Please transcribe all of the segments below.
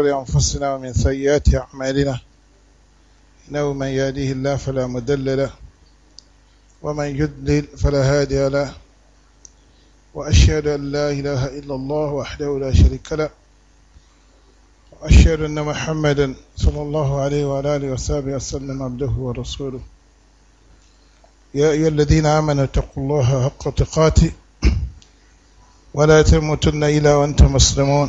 لأنفسنا ومن سيئات أعمالنا إنه من يهديه الله فلا مدل له ومن يدلل فلا هادي له وأشهد أن لا إله إلا الله وحده لا شريك له وأشهد أن محمدا صلى الله عليه وعلى آله وصحبه وسلم عبده ورسوله يا أيها الذين آمنوا اتقوا الله حق تقاته ولا تموتن إلا وأنتم مسلمون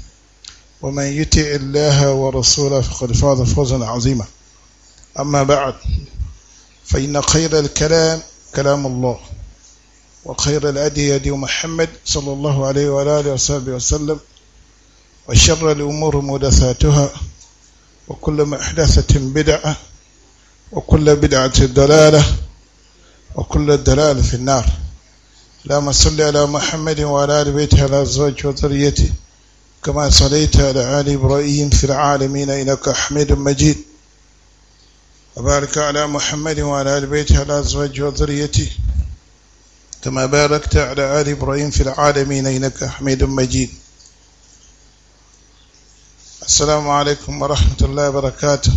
ومن يطع الله ورسوله فقد فاز فوزا عظيما أما بعد فإن خير الكلام كلام الله وخير الأدي هدي محمد صلى الله عليه وآله وصحبه وسلم وشر الأمور محدثاتها وكل محدثة بدعة وكل بدعة ضلالة وكل ضلاله في النار اللهم صل على محمد وعلى آل بيته على زوجته وذريته كما صليت على آل إبراهيم في العالمين إنك حميد مجيد وبارك على محمد وعلى آل بيته على أزواجه وذريته كما باركت على آل إبراهيم في العالمين إنك حميد مجيد السلام عليكم ورحمة الله وبركاته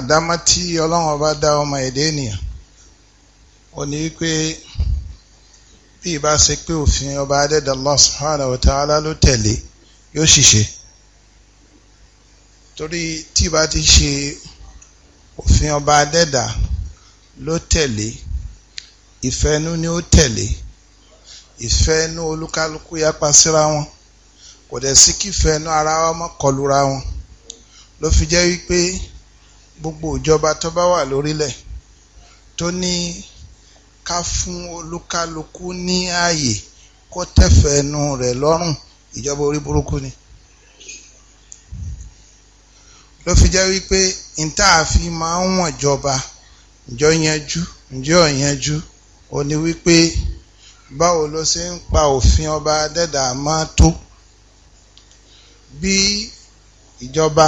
àdámá tí ọlọ́run ọba dá ọmọ ẹ̀dẹ́ bí ìbá ṣe pé òfin ọba adẹ́dà Allah subhanahu wa ta'ala ló tẹ̀lé yóò ṣìṣe torí tí ìbá ti ṣe òfin ọba adẹ́dà ló tẹ̀lé ìfẹ́nú ni ó tẹ̀lé ìfẹ́nú olúkálukú yapa síra wọn kò dẹ̀ sí kífẹ́nú ara wa mọ́ wọn ló fi jẹ́ wípé gbogbo ìjọba tó bá wà lórílẹ̀ tó ní ká fún olúkálukú ní ààyè kó tẹ̀fẹ̀ẹ́nu rẹ̀ lọ́rùn ìjọba orí burúkú ni ló fi jẹ́ wípé níta àfi máa ń wọ̀n jọba ǹjọ́ yanjú ǹjọ́ yanjú ó ní wípé báwo ló ṣe ń pa òfin ọba dẹ́dà máa tó bí ìjọba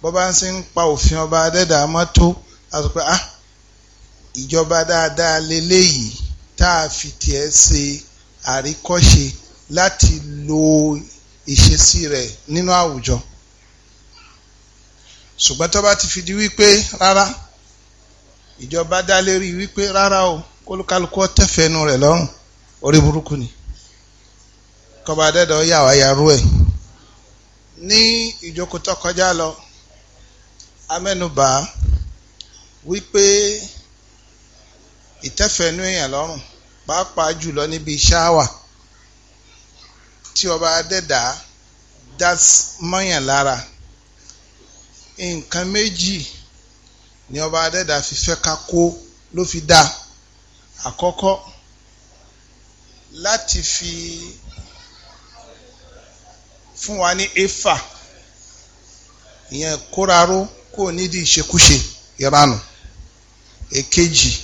bó bá ń ṣe ń pa òfin ọba dẹ́dà máa tó a sọ pé ah ìjọba dáadáa leléyìí tá a fi tiẹ̀ ṣe àríkọ́ṣe láti lo ìṣesí rẹ̀ nínú àwùjọ ṣùgbọ́n tó bá ti fi di wípé rárá ìjọba dá lérí wípé rárá o kólúkálukú tẹ̀fẹ́nu rẹ̀ lọ́rùn orí burúkú ni kọba adẹ́dọ̀ yà wá yarú ẹ̀ ní ìjókòó tó kọjá lọ amẹ́nubà wípé ìtẹ́fẹ̀ẹ́nú èèyàn lọ́rùn pàápàá jùlọ níbi ṣáwà tí ọba adẹ́dà dá mọ́yàn lára nǹkan méjì ni ọba adẹ́dà fi fẹ́ ká kó ló fi dá àkọ́kọ́ láti fi fún wa ní efa ìyẹn kóraró kò nídìí ìṣekúṣe ìranù èkejì. E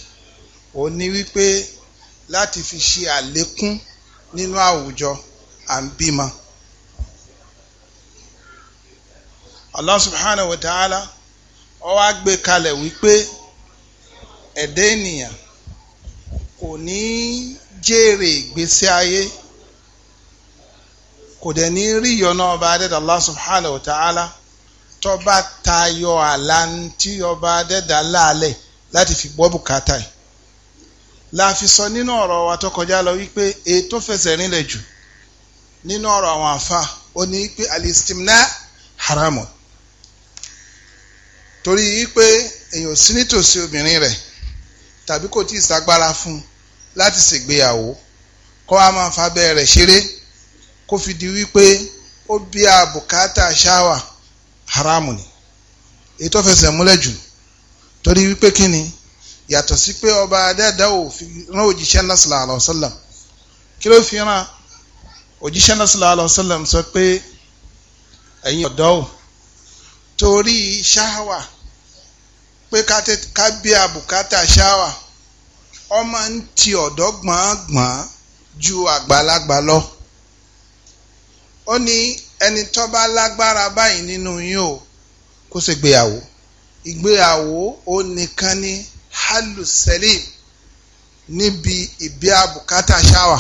ó ní wípé láti fi ṣe àlékún nínú àwùjọ à ń bímọ. Allah subhanahu wa ta'ala ó wá gbé kalẹ̀ wípé ẹ̀dá ènìyàn kò ní jèrè ìgbésí ayé kò dẹ̀ ní rí ìyọ́nà ọba adẹ́dà Allah subhanahu wa ta'ala tó bá tayọ ọba adẹ́dà láàlẹ̀ láti fi gbọ́ bùkátà yìí. la fi sọ nínú ọ̀rọ̀ wa tó kọjá lọ wípé èyí tó fẹsẹ̀ rinlẹ̀ jù nínú ọ̀rọ̀ àwọn àfa ó ní pé alistimna haramu torí wípé èèyàn sí nítòsí obìnrin rẹ̀ tàbí kò tí ì sagbára fún un láti ṣègbéyàwó kó a máa fa abẹ́ rẹ̀ ṣeré kó fi di wípé ó bí a bùkátà ṣáwà haramu ni èyí tó fẹsẹ̀ múlẹ̀ jù torí wípé kí ni yàtọ̀ sí pé ọba adẹ́dá ò fi rán òjíṣẹ́ náà sallallahu alaihi wasallam kí ló fi rán òjíṣẹ́ náà sallallahu alaihi wasallam sọ pé ẹ̀yin ọ̀dọ́ ò torí ṣáwà pé ká bí àbùkátà ṣáwà ọmọ ń ti ọ̀dọ́ gbọ̀ngbọ̀n ju àgbàlagbà lọ ó ní ẹni tó bá lágbára báyìí nínú yín o kó ṣègbéyàwó ìgbéyàwó ó nìkan ni. Kani, halu salim níbi ìbí àbùkátà ṣáwà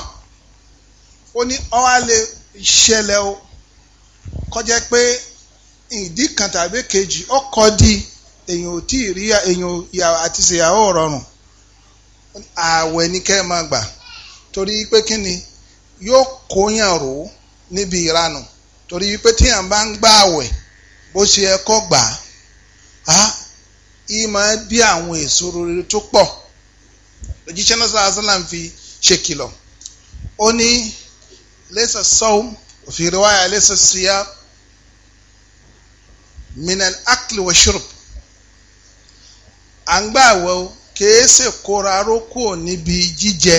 ó ní ọwá lè ṣẹlẹ̀ o kọjá pé ìdí kan tàbí kejì ó kọ́ di èyàn ò tí ì rí èyàn àti ṣèyàwó rọrùn ààwẹ̀ ní kẹ́ ẹ máa gbà torí pé kí ni yóò kóyàn rò ó níbi ìranù torí pé tíyàn bá ń gbà ààwẹ̀ bó ṣe ẹ kọ́ gbà á yìí máa bí àwọn èso rere tó pọ̀ òjíṣẹ́ náà sọ́lá sọ́lá ń fi ṣe kìlọ̀ ó ní lẹ́sẹ̀ sọ́ọ́m òfin riwaya lẹ́sẹ̀ síyá minal akli wa shurb à ń gbà wọ kèése kóra rókò níbi jíjẹ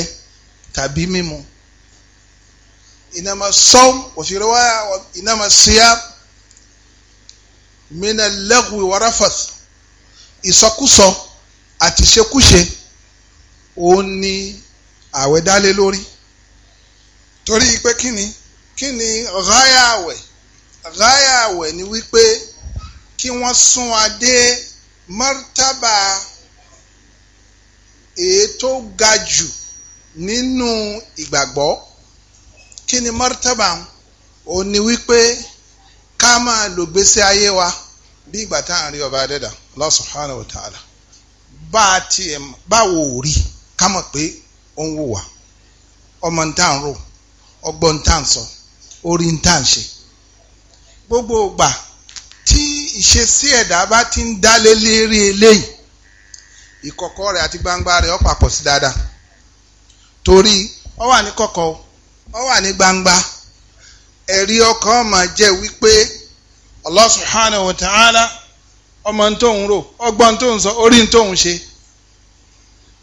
tàbí mímu ìnàmà sọ́ọ́m òfin riwaya ìnàmà síyá minal lagwi wa ìsọkúsọ àti ṣekúṣe òun ni àwẹ̀ dálé lórí torí pé kí ni kí ni ráyà àwẹ̀ ráyà àwẹ̀ ni wípé kí wọ́n sún wa dé mọ́tàbà èyí ga jù nínú ìgbàgbọ́ kí ni mọ́tàbà òun ni wípé ká máa lògbésí ayé wa bí ìgbà tá à ń rí ọba adẹ́dà Allah subhanahu wa ta'ala bá a tiẹ̀ báwo ò rí ká mọ̀ pé ó ń wò wá ọmọ ń tà ń rò ọgbọ́n ń tà ń sọ orí ń tà ń ṣe gbogbo ìgbà tí ìṣesí ẹ̀dá bá ti ń dálé lérí eléyìí ìkọ̀kọ̀ rẹ̀ àti gbangba rẹ̀ ó papọ̀ sí dáadáa torí ó wà ní kọ̀kọ̀ ó wà ní gbangba ẹ̀rí ọkàn máa jẹ́ wípé Allah subhanahu wa ta'ala ọmọ n tó ń rò ọgbọ́n tó ń sọ orí n tó ń ṣe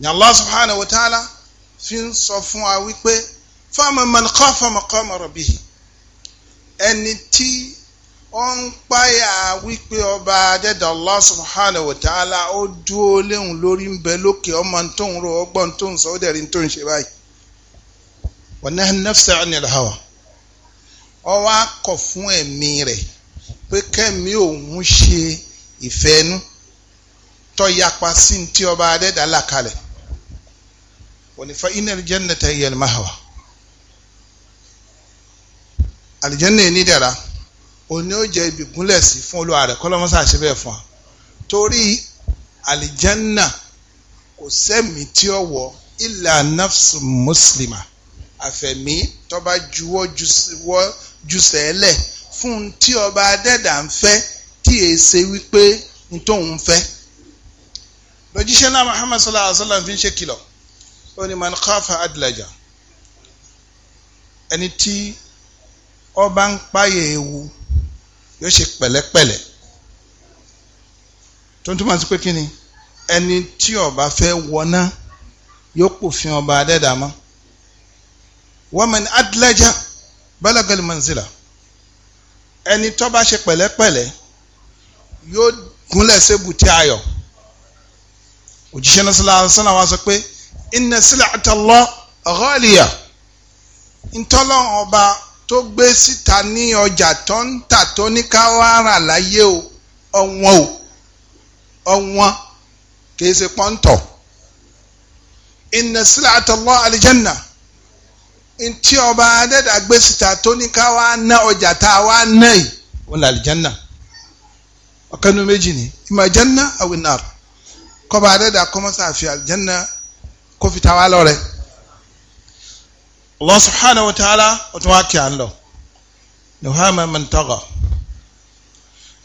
ni Allah subhanahu wa ta'ala fi ń sọ fún wa wípé fama man khafa maqama rabbihi ẹni tí ó ń páyà wípé ọba adẹ́dàá Allah subhanahu wa ta'ala ó dúó léhùn lórí ń bẹ lókè ọmọ tó ń rò ọgbọ́n tó ń sọ ó dẹ̀rí tó ń ṣe báyìí wa nahan nafsa anil hawa ó wá fún ẹ̀mí rẹ̀ pé kẹ́mi òun ṣe ìfẹ́nu tó yapa sí tí ọba adẹ́dà là kalẹ̀ onífa iná aljannata yẹ mahawa aljanna yìí nídẹ̀ra òní ó jẹ́ ibi gúnlẹ̀ sí fún olúwa rẹ̀ kọ́lọ́mọ́sá ṣe bẹ́ẹ̀ fún wa torí aljanna kò sẹ́mi tí ó wọ̀ illa nafsu muslima àfẹ̀mí tó bá juwọ́ jusẹ́lẹ̀. Ju fún un tí ọba adẹ́dà ń fẹ́ tí èé wípé n tóun fẹ́ lójíṣẹ́ náà Muhammad sallallahu alaihi wa sallam fi ń ṣe kìlọ̀ ó ní man khafa adlaja ẹni tí ọba ń páyà ewu yóò ṣe pẹ̀lẹ́pẹ̀lẹ́ tó ń túmọ̀ sí pé kí ni ẹni tí ọba fẹ́ wọná yóò pòfin ọba adẹ́dà mọ́ wa man adlaja balagal manzila ẹni tó bá ṣe pẹ̀lẹ́pẹ̀lẹ́ yóò gúnlẹ̀ sébù tí ayọ̀ òjíṣẹ́ náà sílá sọ́nà wa sọ pé inna sil'ata Allah ghaliya ntọ́lọ́run ọba tó gbé síta ní ọjà tó ń tà tó ní káwárà láyé o ọ̀wọ́n o ọ̀wọ́n kìí ṣe pọ́ńtọ̀ inna sil'ata Allah aljanna ntí ọba adẹ́dà gbé síta tó ní ká wá ná ọjà tá a wá ná yìí wọn là lìjánná ọ̀kanú méjì ni ìmọ̀ jánná àwìnàr kọba adẹ́dà kọ́mọ́sá àfi àjánná kó fi ta wá lọ́rẹ. Allah subhanahu wa ta'ala o tún wá kí à ń lọ nuhama mantaga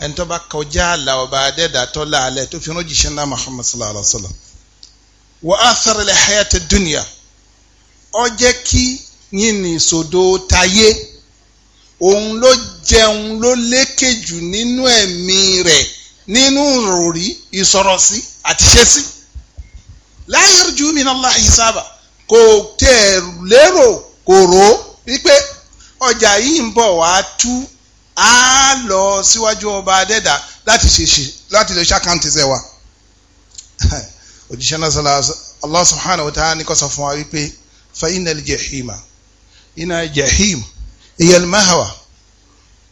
ẹnitọba kọjá àlà ọba adẹ́dà tọ́lá alẹ́ tó fi rán jíṣẹ́ náà Muhammad sallallahu alayhi wa sallam wa athara al-hayata ad-dunya ó jẹ́ kí yìnyín ìsòdò tayé òun ló jẹun ló lékè jù nínú ẹ̀mí rẹ̀ nínú ròrí ìsọ̀rọ̀sí àti ṣẹ́sí láyé rújú mi náà láyé sábà kò tẹ̀ lérò kò rò ó wípé ọjà yìí ń bọ̀ wá tú á lọ síwájú ọba adẹ́dà láti ṣèṣe láti lè ṣàkántì ṣẹ̀ wa òjíṣẹ́ náà sọ̀rọ̀ Allah subhanahu wa ta'ala ní kó sọ fún wa wípé fa innal jahima iná jahim ìyẹn mahawa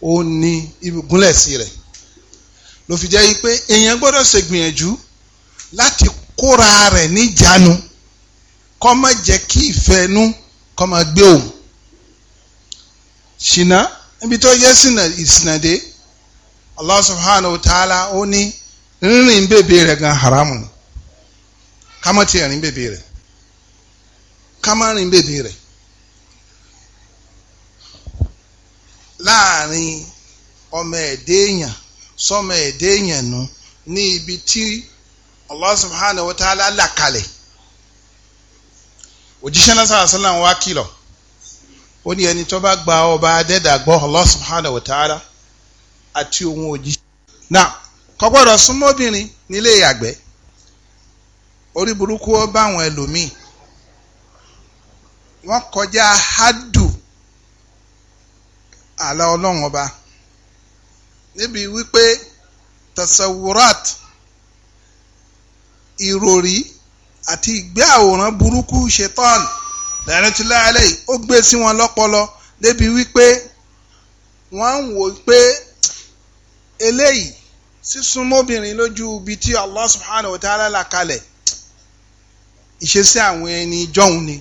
ó ní ìgúnlẹ̀ sí rẹ̀ ló fi jẹ́ pé èèyàn gbọ́dọ̀ ṣègbìyànjú láti kóra rẹ̀ níjànú kó má jẹ́ kí ìfẹ́nu kó má gbé òun ṣìnà níbi tó yẹ ìsìnàdé Allah subhanahu ó ní rírìn bèbè rẹ̀ gan haramu ni ká má ti rìn bèbè rẹ̀ ká má rìn bèbè rẹ̀ láàrin ọmọ ẹ̀dẹ́ èèyàn sọmọ ẹ̀dẹ́ èèyàn nù ní ibi tí Allah subhanahu wa là kalẹ̀ gba ọba adẹ́dà gbọ́ Allah subhanahu àti òun òjíṣẹ́ náà kò súnmọ́bìnrin nílé ìyàgbẹ́ orí burúkú àlà ọlọ́run ọba níbi wípé tasawurat ìròrí àti ìgbé àwòrán burúkú ṣetán lẹ́rìntìlá alẹ́ ó gbé sí wọn lọ́pọlọ débi wípé wọ́n ń wò pé eléyìí sísúnmọ́bìnrin lójú ibi tí Allah subhanahu wa ta'ala là kalẹ̀ ìṣesí àwọn ẹni jọ̀hún ni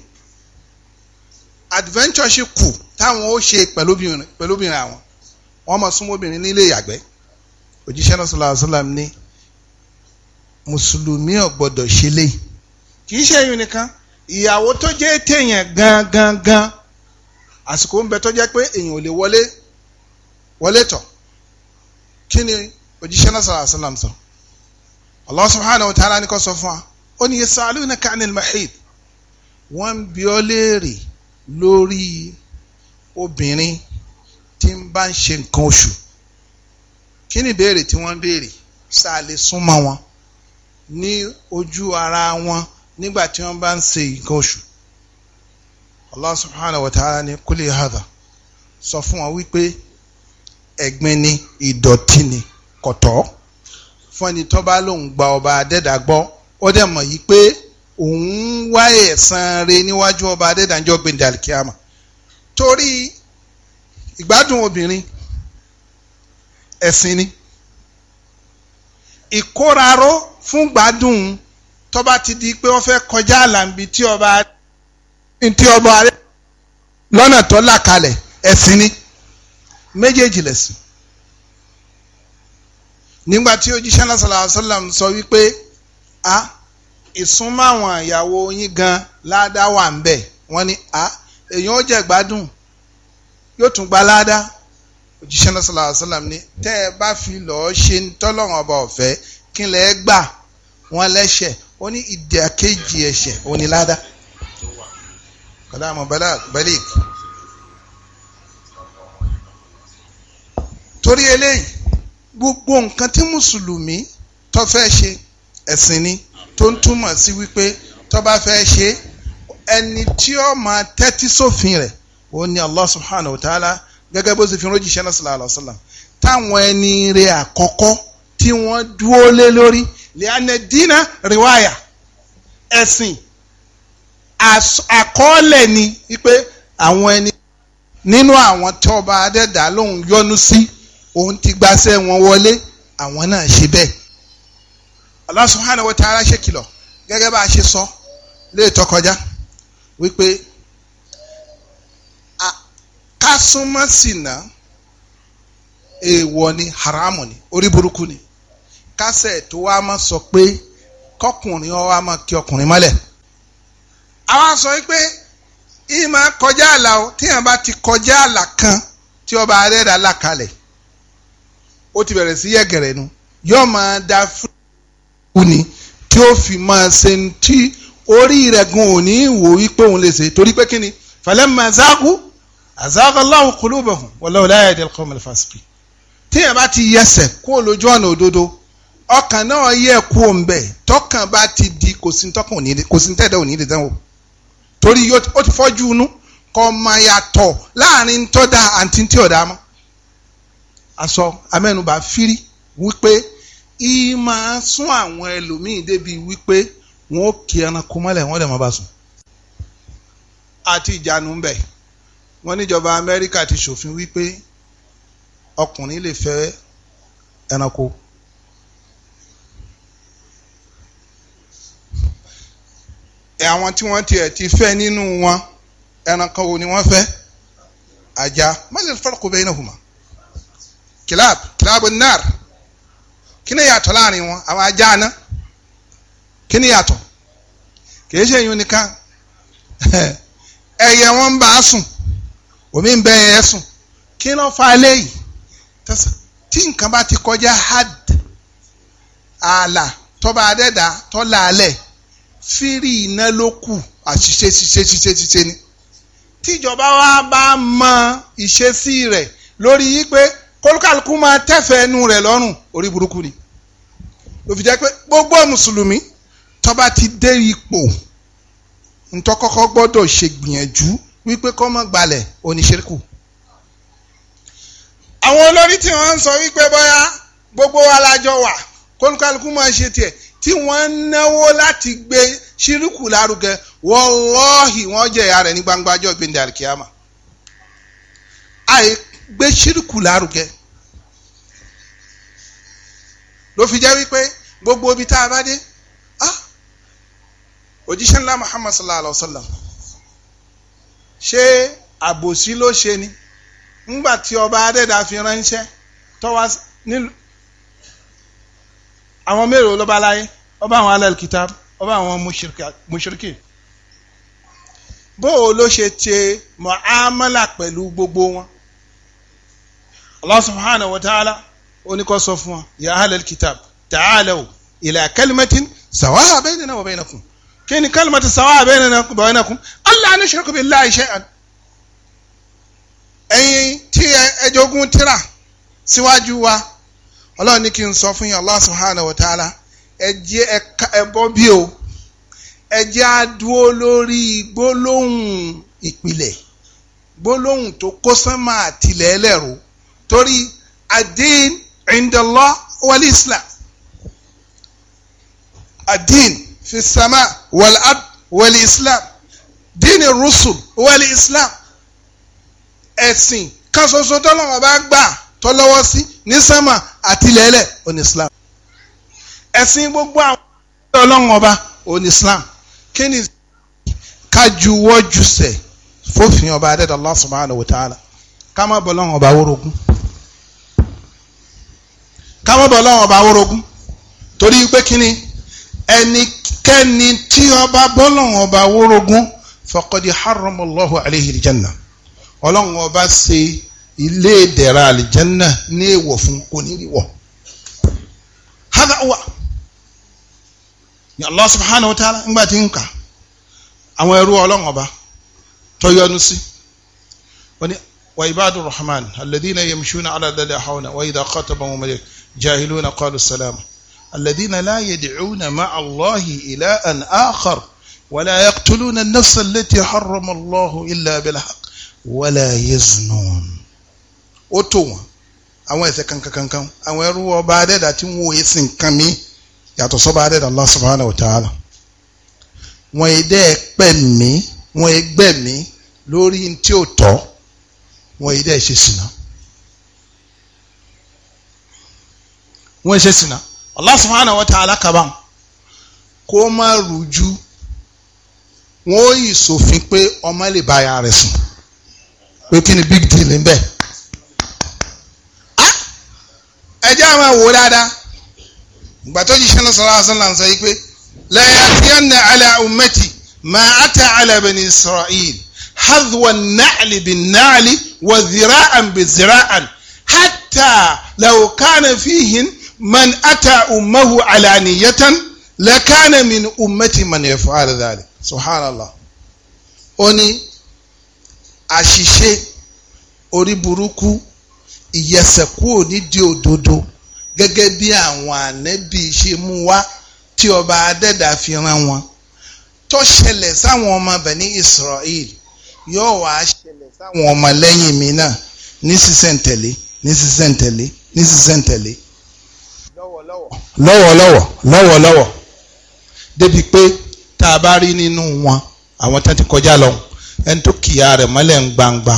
adventure ṣe kù. Cool táwọn ó ṣe pẹ̀lú obìnrin àwọn wọ́n máa súnmọ́ obìnrin nílé ìyàgbẹ́ òjíṣẹ́ náà sallallahu alaihi wasallam ní mùsùlùmí ò gbọ́dọ̀ ṣe lé kì í ṣe ẹ̀yìn nìkan ìyàwó tó jẹ́ téèyàn gan gan gan àsìkò ń bẹ tó jẹ́ pé èèyàn ò lè wọlé wọlé tọ̀ kí ni òjíṣẹ́ náà sallallahu sọ Allah subhanahu wa ta'ala ní sọ fún wa ó ní yasalunaka anil mahid wọ́n ń bi ọ́ léèrè lórí obìnrin tí ń bá ń ṣe nǹkan oṣù kí ni ìbéèrè tí wọ́n ń béèrè ṣá lè súnmọ́ wọn ní ojú ara wọn nígbà tí wọ́n bá ń ṣe nǹkan oṣù Allah subhanahu wa ta'ala ni kúlẹ̀ hadha sọ fún wọn wípé ẹ̀gbin ni ìdọ̀tí ni kọ̀tọ́ fún ẹni tó bá lòun gba ọba adẹ́dà gbọ́ ó dẹ̀ mọ̀ yìí pé òun wá ẹ̀san rẹ̀ níwájú ọba adẹ́dà ń jọ́ gbẹ̀ndẹ̀ àlìkíyàmà torí ìgbádùn obìnrin ẹ̀sìn ni ìkóraró fún gbádùn tọ́ba ti di pé wọ́n fẹ́ kọjá àlàǹbí tí ọba tí ọba rẹ lọ́nà tó là kalẹ̀ ẹ̀sìn ni méjèèjì lẹ̀sìn nígbà tí òjíṣẹ́ náà sallallahu alaihi wasallam sọ wípé a ah, ìsúnmáwọn ìyàwó yín gan ládàá wà ń bẹ̀ wọ́n ní a. Ah, èyàn ó jẹ gbádùn yóò tún gba ládá òjíṣẹ́ náà sọ̀rọ̀ àṣàlám ni tẹ́ ẹ bá fi lọ́ọ́ ṣe ń tọ́lọ́run ọba ọ̀fẹ́ kí lẹ́ gbà wọ́n lẹ́ṣẹ̀ ó ní ìdàkejì ẹ̀ṣẹ̀ ó ní ládá. kọ́dà mọ̀ balik. torí eléyìí gbogbo nǹkan tí mùsùlùmí tó fẹ́ ṣe ẹ̀sìn ni tó ń túmọ̀ sí wípé tó bá fẹ́ ṣe é ẹni tí ó máa tẹ́tí sófin rẹ̀ ó ní Allah subhanahu wa ta'ala gẹ́gẹ́ bó ṣe fi ránjíṣẹ́ náà sallallahu alayhi wa sallam táwọn ẹni rẹ̀ àkọ́kọ́ tí wọ́n dúró lé lórí lẹ́yìn dínà rìwáyà ẹ̀sìn àkọọ́lẹ̀ ni wípé àwọn ẹni nínú àwọn tí ọba adẹ́dà lòun yọ́nú sí òun ti gbaṣẹ́ wọn wọlé àwọn náà ṣe bẹ́ẹ̀ Allah subhanahu wa ta'ala ṣèkìlọ̀ gẹ́gẹ́ bá a ṣe sọ lè tọkọjá. So, wípé ká súnmọ́ sìnà èèwọ̀ ni haramu ni orí burúkú ni kásẹ̀ tó wá máa sọ pé kọkùnrin ọ wá máa kí ọkùnrin mọ́lẹ̀ àwa sọ pé yìí máa kọjá àlà o tíyàn bá ti kọjá àlà kan tí ọba arẹ́ra là ó ti bẹ̀rẹ̀ sí yẹ̀gẹ̀rẹ̀ nu yóò máa da fún un ni tí ó fi máa ṣe ti orí rẹ̀ gan ò ní wò wípé òun lè ṣe torí pé kíni falamma zaagu azaaga Allahu qulubahum wallahu la yahdi al-qawma al-fasiqin téèyàn bá ti yẹsẹ̀ kó lójú ọ̀nà òdodo ọkàn náà yẹ kó o ń bẹ̀ tọkàn bá ti di kò sí tọkàn ò ní kò sí tẹ̀dẹ̀ torí ó ti fọ́jú inú kọ́ ma yàtọ̀ láàrin tọ́da àti tí ọ̀dà mọ́ aṣọ amẹ́nubà fírí wípé ìmọ̀ sún àwọn ẹlòmíì débi wípé wọn ó kí ẹranko mọ́lẹ̀ wọ́n dẹ̀ mọ́ bá sùn. àti ìjánu ń bẹ wọ́n níjọba Amẹ́ríkà ti ṣòfin wípé ọkùnrin lè fẹ́ ẹranko. àwọn tí wọ́n tiẹ̀ ti fẹ́ nínú wọn ẹranko wo ni wọ́n fẹ́ ajá mọ́lẹ̀ fọ́lọ́kù bẹ́ẹ̀ náà hùmà kìláàbù kìláàbù náà kí ni yàtọ̀ láàrin wọn àwọn ajá náà kí ni yàtọ̀ kìí ṣe yun nìkan ẹyẹ wọn ń bá a sùn omi ń bẹ ẹ sùn kí ló fa eléyìí tí nǹkan bá ti kọjá had ààlà tọba adẹ́dà tọ́lá alẹ̀ fírì iná ló kù àṣìṣe ṣiṣe ṣiṣe ṣiṣe ni tíjọba wa bá mọ ìṣesí rẹ̀ lórí yìí pé kólúkàlùkù máa tẹ̀fẹ̀ẹ́ nu rẹ̀ lọ́rùn orí burúkú ni ló pé gbogbo mùsùlùmí tó bá ti dé ipò ntọ́kọ́kọ́ gbọ́dọ̀ ṣe gbìyànjú wípé kó má gbalẹ̀ oníṣẹ́kù. àwọn olórí tí wọ́n ń sọ wípé bóyá gbogbo wa lájọ wà kólúkálukú máa ṣe tiẹ̀ tí wọ́n ń náwó láti gbé ṣírùkù lárugẹ wọ́lọ́ọ̀hì wọ́n jẹ̀yà rẹ̀ ní gbangba ọjọ́ ìgbéǹde àríkíyàmà. àì gbé ṣírùkù lárugẹ ló fi jẹ́ wípé gbogbo ibi tá a bá dé òjíṣẹ́ ńlá muhammad sallallahu alayhi wa sallam ṣé àbòsí ló ṣe ni ńgbà tí ọba adẹ́dà fi ránṣẹ́ tọ́wá nílùú àwọn mélòó ló bá láyé ọba àwọn alẹ́ kitab ọba àwọn mushriki bóò ló ṣe ṣe mu'amala pẹ̀lú gbogbo wọn Allah subhanahu wa ta'ala ó ní kó sọ fún wọn ya ahlal kitab ta'alaw ila kalimatin sawa'a baynana wa baynakum kí ni kalimatu sawa bainakum Allah ní shirku billahi shay'an ẹ̀yin tí ẹ jogún tírà síwájú wa ọlọ́run ní kí n sọ fún yín Allah subhanahu wa ta'ala ẹ jẹ́ ẹ bọ́ bí o ẹ jẹ́ á lórí gbólóhùn ìpìlẹ̀ gbólóhùn tó kó sánmà àtìlẹ̀ ẹlẹ́rú torí adin indallah wal islam adin fi sama wal ad wal islam díìnì rusul wal islam ẹ̀sìn kan ṣoṣo tọ́lọ́wọ́ bá gbà tọ́lọ́wọ́ sí ní sámà àti lẹ́lẹ̀ òun islam ẹ̀sìn gbogbo àwọn ọlọ́run ọba òun islam kí kájúwọ́júsẹ̀ fófin ọba adẹ́dàá Allah subhanahu wa ta'ala kama má bọ̀ lọ́run ọba wórogún ká má bọ̀ lọ́run ọba wórogún torí pé kí ni kẹ́ni tí ọba bọ́lọ́hún ọba wórogún fọkọ́dí haramallahu alayhi aljanna ọlọ́hún ọba ṣe ilé ìdẹ̀ra aljanna ní èèwọ̀ fún kò ní rí wọ̀. hada wa ni allah subhanahu wa ta'ala ńgbà tí ń kà àwọn ẹrú ọlọ́hún ọba tó yọ́nú sí wọ́n wa ibadu rahman alladhina yamshuna ala dada hawna wa idha khatabahum jahiluna qalu salama. الذين لا يدعون مع الله إلى أن آخر ولا يقتلون النفس التي حرم الله إلا بالحق ولا يزنون أتوا أو إذا كان كان كان أو يروى بعد ذاتي هو يسن كمي يتصب بعد الله سبحانه وتعالى ويدك بمي ويدك بمي لوري انتو تو شسنا ويدك شسنا Allah subhanahu wa ta'ala kaban kó má rújú wọn ò yìí sòfin pé ọmọ lè bá ara rẹ̀ sùn pé kí ni big deal ń bẹ. Ah! ẹjẹ́ àwọn ẹ̀wò dáadáa ìgbà tó jíṣẹ́ náà sọ̀rọ̀ àṣọ làǹṣẹ́ yìí pé la ya'tiyanna ala ummati ma ata ala bani isra'il hadwa an-na'li bin-na'li wa dhira'an bi-dhira'an hatta law kana fihin man ata ummahu alaniyatan lakana min ummati man yaf'al dhalik subhanallah ó ní àṣìṣe orí burúkú ìyẹsẹ̀kúò nídìí òdodo gẹ́gẹ́ bí àwọn ànẹ́bí ṣe mú wá tí ọba adẹ́dà fi rán wọn tó ṣẹlẹ̀ sáwọn ọmọ bẹ̀ní Israel yóò wá ṣẹlẹ̀ sáwọn ọmọ lẹ́yìn mi náà ní sísẹ̀ntẹ̀lé ní sísẹ̀ntẹ̀lé lọ́wọ́lọ́wọ́ lọ́wọ́lọ́wọ́ débi pé tá a bá rí nínú wọn àwọn tán ti kọjá lọ ẹni tó kìyà rẹ̀ mọ́lẹ̀ ń gbangba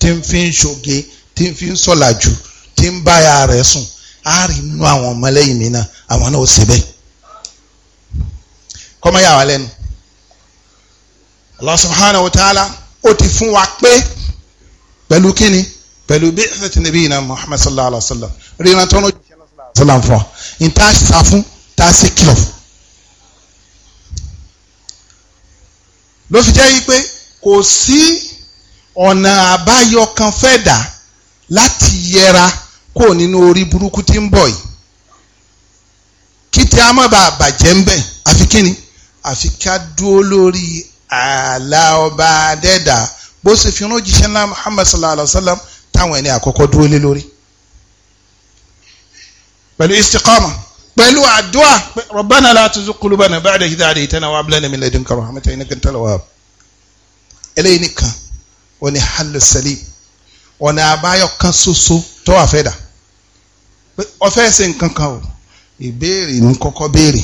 tí ń fi ń ṣoge tí ń fi ń sọ̀làjù tí ń báyà rẹ̀ sùn á rí nínú àwọn mọ́lẹ́yìn mi náà àwọn náà ó ṣe bẹ́ẹ̀ kọ́mọ́yà wà lẹ́nu Allah subhanahu wa ta'ala ó ti fún wa pé pẹ̀lú kíni pẹ̀lú bí ẹ̀sẹ̀ tìǹbì náà Muhammad sallallahu alayhi wa sallam ríran tó ń rọ́jò tó là ń fọ n ta sá fún ta ṣe kìlọ̀ fún. ló fi jẹ́ yí pé kò sí ọ̀nà àbáyọ kan fẹ́ dà láti yẹra kó nínú orí burúkú tí ń bọ̀ yìí kí tí a má bàa bàjẹ́ ń bẹ̀ àfi kíni àfi ká dúró lórí ààlà ọba adẹ́dà bó ṣe fi rán ńlá Muhammad sallallahu alaihi wa sallam táwọn ẹni àkọ́kọ́ dúró lé lórí pẹ̀lú istiqama pẹ̀lú àdúà rabbana la tuzigh qulubana ba'da idh hadaytana wa hab lana min ladunka rahmatan innaka antal wahhab eléyìí nìkan wọn ni hallu salim ọ̀nà àbáyọ kan ṣoṣo tó wà fẹ́ dà ọfẹ́ ṣe nǹkan kan o ìbéèrè ní kọ́kọ́ béèrè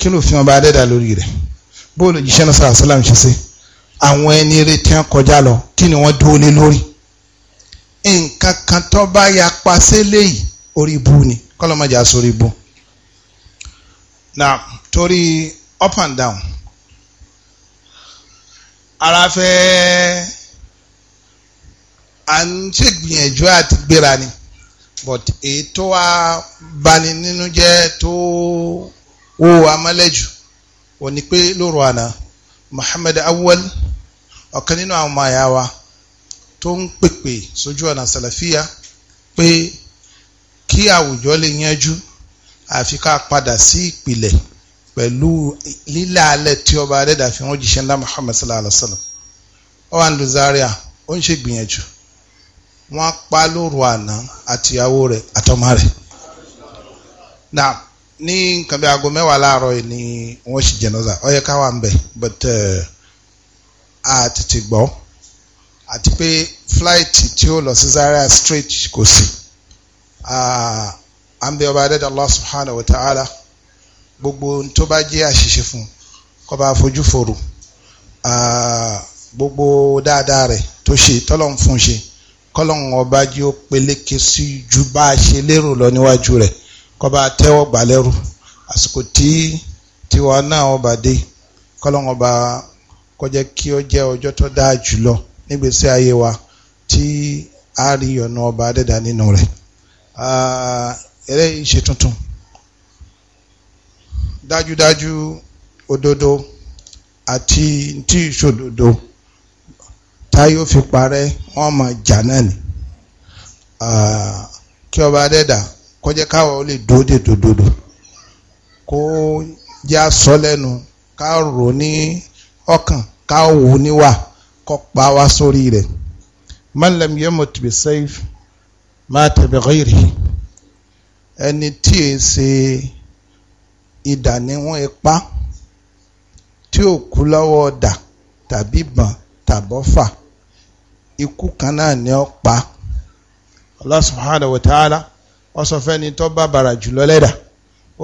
kí ló fi ọba adẹ́dà lórí rẹ̀ bóòlù jíṣẹ́ náà sàrà sálàm ṣe ṣe àwọn ẹni retí ẹ kọjá lọ kí ni wọ́n dúró lé lórí nǹkan kan tó bá yapa sí léyìí orí ibu ni kọ́lọ́mọjà sórí bú na torí up and down ara fẹ́ à ń ṣègbìyànjú àti gbéra ni but èyí tó wá bani nínú jẹ́ tó wó amálẹ́jù wọ́n ní pé lóru àná Muhammad awal, ọ̀kan nínú àwọn ọmọ àyà wa tó ń pèpè sójú ọ̀nà sàlàfíà pé kí àwùjọ lè yanjú àfi ká padà sí ìpìlẹ̀ pẹ̀lú lílà alẹ́ tí ọba adẹ́dà fi wọ́n jíṣẹ́ ńlá Muhammad sallallahu alayhi wa sallam ọwọ́ àǹdù Zaria ó ń ṣe gbìyànjú wọ́n pa lóru àná àtìyàwó rẹ̀ àtọmọ rẹ̀ náà ní nǹkan bí aago mẹ́wàá láàárọ̀ yìí ni wọ́n ṣì jẹ̀nọ́sà ó yẹ ká wà ń bẹ̀ but eh, a tètè gbọ́ àti pé flight tí ó lọ sí Zaria straight kò sí. Ah, à ń bẹ ọba adẹ́dàá Allah subhanahu wa ta'ala gbogbo tó bá jẹ́ àṣìṣe fún kó bá fojú fòrò ah, gbogbo dáadáa rẹ̀ tó ṣe tọ́lọ́n fún ṣe kọ́lọ́n ọba jí ó peléke sí ju bá a ṣe lérò lọ níwájú rẹ̀ kó bá tẹ́wọ́ gbà lẹ́rù àsìkò tí tiwa náà ọba dé kọ́lọ́n ọba kó kí ó jẹ́ ọjọ́ tó dáa jùlọ nígbésí ayé wa tí a rí ọ̀nà ọba adẹ́dàá nínú rẹ̀. Ah, eléyìí ṣe tuntun dájúdájú òdodo àti tí ìṣòdodo tá yóò fi parẹ́ wọ́n máa jà náà ni ah, kí ọba adẹ́dà kọjá káwọn ó lè dúró dè dòdòdò kó já sọ lẹ́nu ká rò ní ọkàn ká wò níwà kó pa wá sórí rẹ̀ man lam yamut bi sayf mata bi ghairi ẹni tí è ṣe idà ni wọ́n ipá tí ò kú lọ́wọ́ ọ̀dà tàbí ìbọn tàbọ́fà ikú kan náà ni ó pa Allah subhanahu wa tó bá bàrà jùlọ lẹ́dà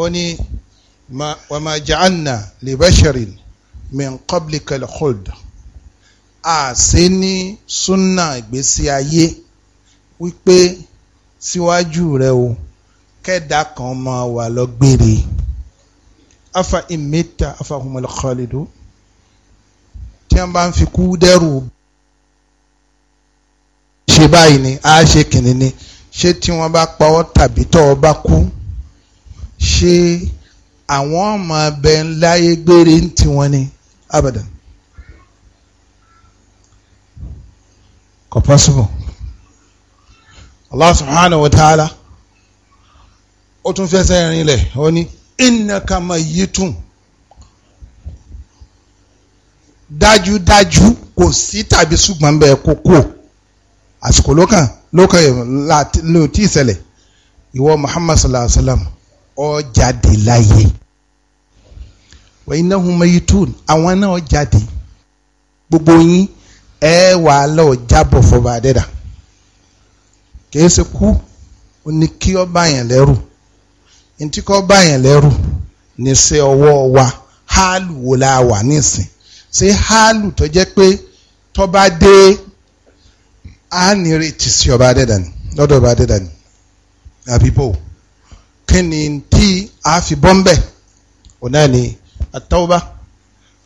ó ní wa ma ja'alna li basharin min qablikal khuld àṣẹ ní súnà ìgbésí ayé wípé síwájú rẹ o kẹ́dà kan máa wà lọ́gbére afa imita afa humul khalidu tí wọ́n bá ń fi kú dẹ́rù ṣe báyìí ni a ṣe kìnìún ni ṣé tí wọ́n bá pa tàbí tọ́ ọ bá kú ṣé àwọn ọmọ ẹbẹ láyé gbére ń tiwọn ni abadan kò possible. Allah subhanahu wa ta'ala ó tún fẹsẹ̀ rinlẹ̀ ó ní innaka mayyitun dájúdájú kò sí tàbí ṣùgbọ́n ń bẹ kókó àsìkò lókàn lókàn ló tí ì ṣẹlẹ̀ ìwọ Muhammad sallallahu alayhi wa sallam ó jáde láyé wa innahum mayyitun àwọn náà jáde gbogbo yín ẹ wàá lọ jábọ̀ fọba àdẹ́dà kìí ṣe kú ó ní kí ọ yẹn lẹ́rù ntí kọ́ bá yẹn lẹ́rù ní ṣe ọwọ́ wa hálù wo la wà nísìn ṣé hálù tó jẹ́ pé tó bá dé á nírètí sí ọba adẹ́dàní lọ́dọ̀ ọba adẹ́dàní àbíbò kí ni tí a fi bọ́ mbẹ́ ọ̀nà ni àtọ́wọ́bá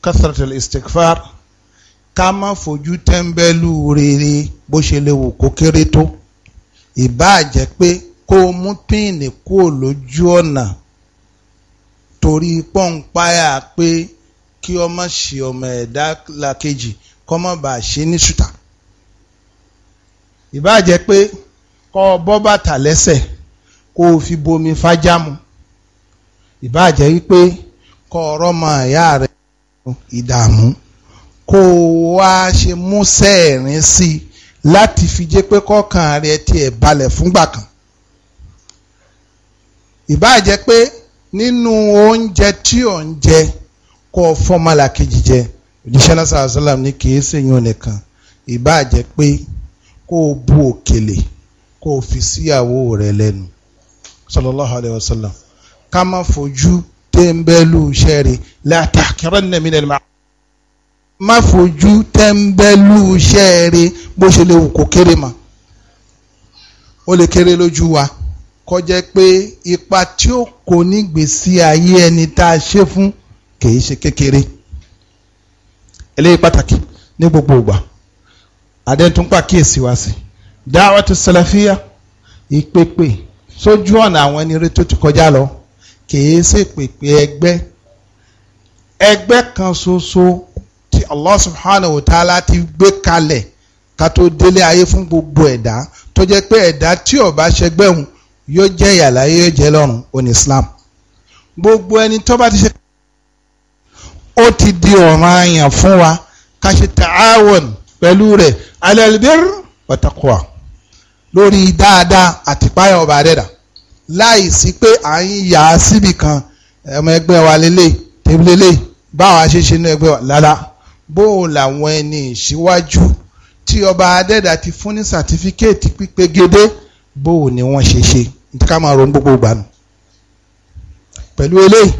kásàtàlì istikfar ká má fojú tẹ́ńbẹ́lú rere bó ṣe léwu kó kéré tó ìbáà jẹ́ pé kó o mú píìnì kúrò lójú ọ̀nà torí pọ́ǹpáyà pé kí ọmọ ṣe ọmọ ẹ̀dá làkejì kọ́mọ bá a ṣe ní ṣùtà ìbáà jẹ́ pé kọ́ ọ bọ́ bàtà lẹ́sẹ̀ kó o fi bomi fájámu ìbáà jẹ́ wípé kọ́ ọ̀rọ̀ mọ ìyá rẹ̀ ìdààmú kó o wá ṣe mú sẹ́ẹ̀rín sí i láti fi jẹ́ pé kọ́kàn rẹ̀ tiẹ̀ balẹ̀ fúngbà kan ìbáà jẹ́ pé nínú oúnjẹ tí ò ń jẹ kó o fọ́mọ́là kejì jẹ òjíṣẹ́ náà sàlám ní kì í ṣèyàn nìkan ìbáà jẹ́ pé kó o bu òkèlè kó o fi síyàwó rẹ̀ lẹ́nu sallallahu alayhi wa sallam ká má fojú téńbẹ́lú sẹ́ẹ̀rì la tahqiranna minal ma'ruf má fojú tẹ́ńbẹ́lú iṣẹ́ rẹ bó ṣe lè wù kó kéré mọ́ ó lè kéré lójú wa kó jẹ́ pé ipa tí ó kó nígbèésí ayé ẹni tá a ṣe fún kìí ṣe kékeré eléyìí pàtàkì ní gbogbo ìgbà adẹ́ntúnpà kíyèsí wá sí dáwọ́tú sẹlẹ̀fíà ìpèpè sójú ọ̀nà àwọn ẹni rẹ tó ti kọjá lọ kìí ṣe pèpè ẹgbẹ́ ẹgbẹ́ kan ṣoṣo Allah subhanahu wa ta'ala ti gbé kalẹ̀ ká tó délé ayé fún gbogbo ẹ̀dá tó jẹ́ pé ẹ̀dá tí ó bá ṣẹgbẹ́ òun yóò jẹ́ ìyàláyé yóò jẹ́ lọ́run òní Islam gbogbo ẹni tó bá ti ṣe ó ti di ọ̀ranyàn fún wa ká ṣe ta'awun pẹ̀lú rẹ̀ ala albir lórí dáadáa àti páyà ọba àdẹ́dà láì sí pé à ń yà á síbì kan ẹ̀mọ ẹgbẹ́ wa lélẹ̀ tẹ́bílélẹ̀ báwa ṣe ṣe ní ẹgbẹ́ wa lálá bó o làwọn ẹni ìṣíwájú tí ọba adẹ́dà ti fún ní sàtífíkẹ́ẹ̀tì pípé gédé bó o ni wọ́n ṣe ṣe ká máa ronú gbogbo gbànú. pẹ̀lú eléyìí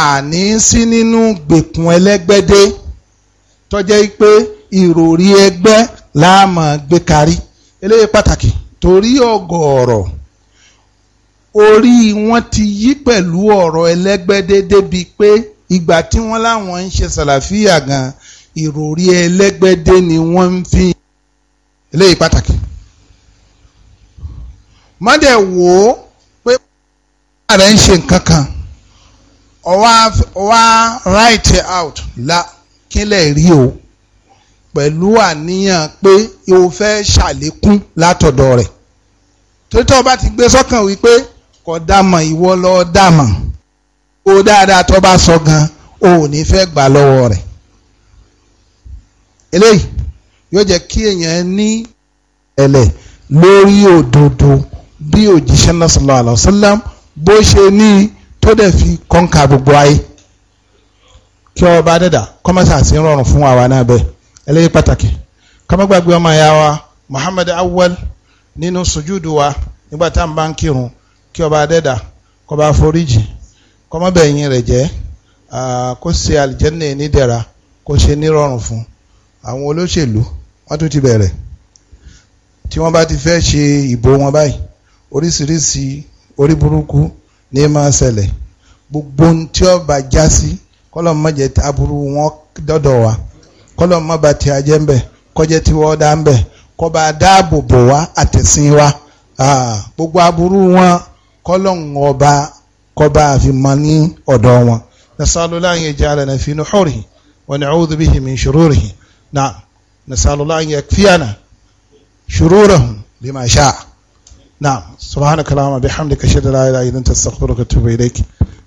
àní sí nínú gbèkùn ẹlẹ́gbẹ́dé tọ́jẹ́ pé ìròrí ẹgbẹ́ la máa gbé karí eléyìí pàtàkì torí ọ̀gọ̀ọ̀rọ̀ orí wọn ti yí pẹ̀lú ọ̀rọ̀ ẹlẹ́gbẹ́dé débi pé ìgbà tí wọ́n láwọn ń ṣe sàlàfíà gan ìròrí ẹlẹ́gbẹ́dẹ́ ni wọ́n ń fi eléyìí pàtàkì má dẹ̀ wò ó pé ọ̀gá rẹ̀ ń ṣe nǹkan kan ọ̀wá right out la kílẹ̀ rí o pẹ̀lú àníyàn pé o fẹ́ ṣàlékún látọ̀dọ̀ rẹ̀ tó tọ́ bá ti gbé sọ́kàn wípé kò dàmọ̀ ìwọ lọ́ọ́ dàmọ̀ o dáadáa tó bá sọ gan o ò ní fẹ́ gbà lọ́wọ́ rẹ̀ eléyìí yóò jẹ́ kí èèyàn ní ẹ̀lẹ̀ lórí òdodo bí òjíṣẹ́ náà sallallahu alaihi wasallam bó ṣe ní tó dẹ̀ fi kọ́ńkà gbogbo ayé kí ọba dẹ́dà kọ́mọ́sà sí rọrùn fún àwa náà bẹ́ẹ̀ eléyìí pàtàkì kọ́mọ́gbàgbé ọmọ ìyá wa Muhammad Awwal nínú sùjúdù wa nígbà tá à ń bá ń kírun kí ọba dẹ́dà kó foríjì kọ́mọ́bẹ̀yìn rẹ̀ jẹ́ kó ṣe àlìjẹ́nà nídẹ̀ra kó ṣe nírọ̀rùn fún àwọn olóṣèlú wọ́n tún ti bẹ̀rẹ̀ tí wọ́n bá ti fẹ́ ṣe ìbò wọn báyìí oríṣiríṣi orí burúkú ní máa ṣẹlẹ̀ gbogbo ohun tí ó já sí kọ́lọ̀ má jẹ́ aburú wọn dọ́dọ̀ wa kọ́lọ̀ má ba ti ajẹ́ ń bẹ̀ kọ́jẹ́ tí wọ́n dá ń bẹ̀ kọ́ bá dáàbò bò wá àtẹ̀sìn wa gbogbo aburú wọn kọ́lọ̀ ń ọba kọba في ní ọ̀dọ̀ نسأل الله an yaj'alana fi nuhurihi wa به من min shururihi na nasalula an yakfiyana shururahum bima sha'a نعم سبحانك اللهم بحمدك اشهد لا اله الا انت استغفرك واتوب اليك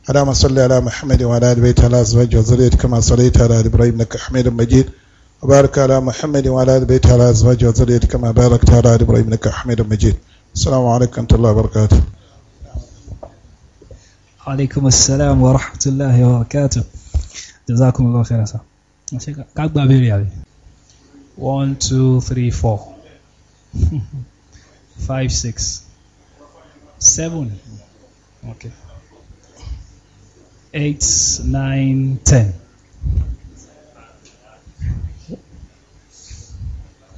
اللهم صل على محمد وعلى ال بيته على ازواجه وذريته كما صليت على ال ابراهيم انك حميد مجيد وبارك على محمد وعلى ال بيته على ازواجه وذريته كما باركت على ال ابراهيم انك حميد مجيد السلام عليكم ورحمه الله وبركاته aleykum asalaam wa rahmatulahi wa barakatu jazakum allah khairan sa ṣe ká gba béèrè àbí one two three four five six seven okay eight nine ten.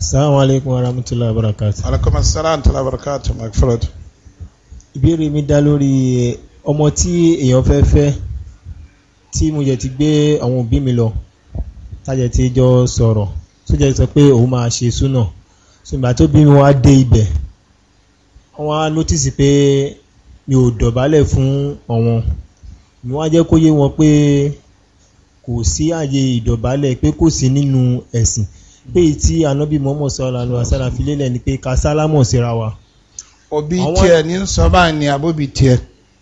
Assalamu alaikum warahmatullahi wabarakatuh. Alaikum assalam warahmatullahi wabarakatuh. Ìbéèrè mi dá lórí ọmọ tí èèyàn fẹ́ fẹ́ tí mo jẹ ti gbé àwọn òbí mi lọ tájẹ ti jọ sọ̀rọ̀ tó jẹ́ sọ pé òun máa ṣe súnà ṣùgbà tó bí mi wá dé ibẹ̀ wọ́n á nótìsì pé mi ò dọ̀bálẹ̀ fún ọ̀wọ́n mi wá jẹ́ kó yé wọn pé kò sí àyè ìdọ̀bálẹ̀ pé kò sí nínú ẹ̀sìn pé tí anábì mọ́mọ́ sọ́ra lọ àsára ni pé ká sálámọ̀ síra wa. òbí tiẹ̀ ní sọ́bà ni àbóbi tiẹ̀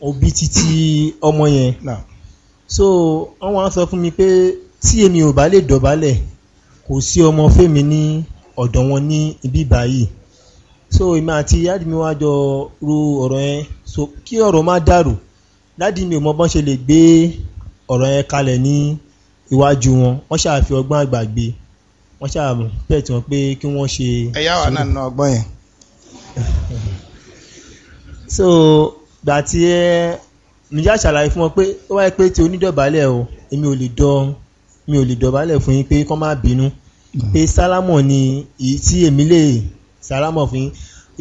òbí títí ọmọ yẹn so wọ́n wá sọ fún mi pé tí èmi ò bá lè dọ̀bálẹ̀ kò sí ọmọ fẹ́mi ní ọ̀dọ̀ wọn ní ibi báyìí so èmi àti dáàdì mi wá jọ ro ọ̀rọ̀ yẹn so kí ọ̀rọ̀ má dàrú dáàdì mi ò mọ bọ́n ṣe lè gbé ọ̀rọ̀ yẹn kalẹ̀ ní iwájú wọn wọ́n ṣàfi ọgbọ́n àgbà gbé wọ́n ṣàmù bẹ́ẹ̀ tí wọ́n pé kí wọ́n ṣe. ẹ̀yà wà náà nà ọgbọ́n yẹn. so gbà tí ẹ nìjà ṣàlàyé fún wọn pé ó wáyé pé ti onídọ̀bálẹ̀ o èmi ò lè dọ mi ò lè dọ̀bálẹ̀ fún yín pé kọ́ má bínú pé sálámọ̀ ni èyí tí èmi lè sálámọ̀ fún yín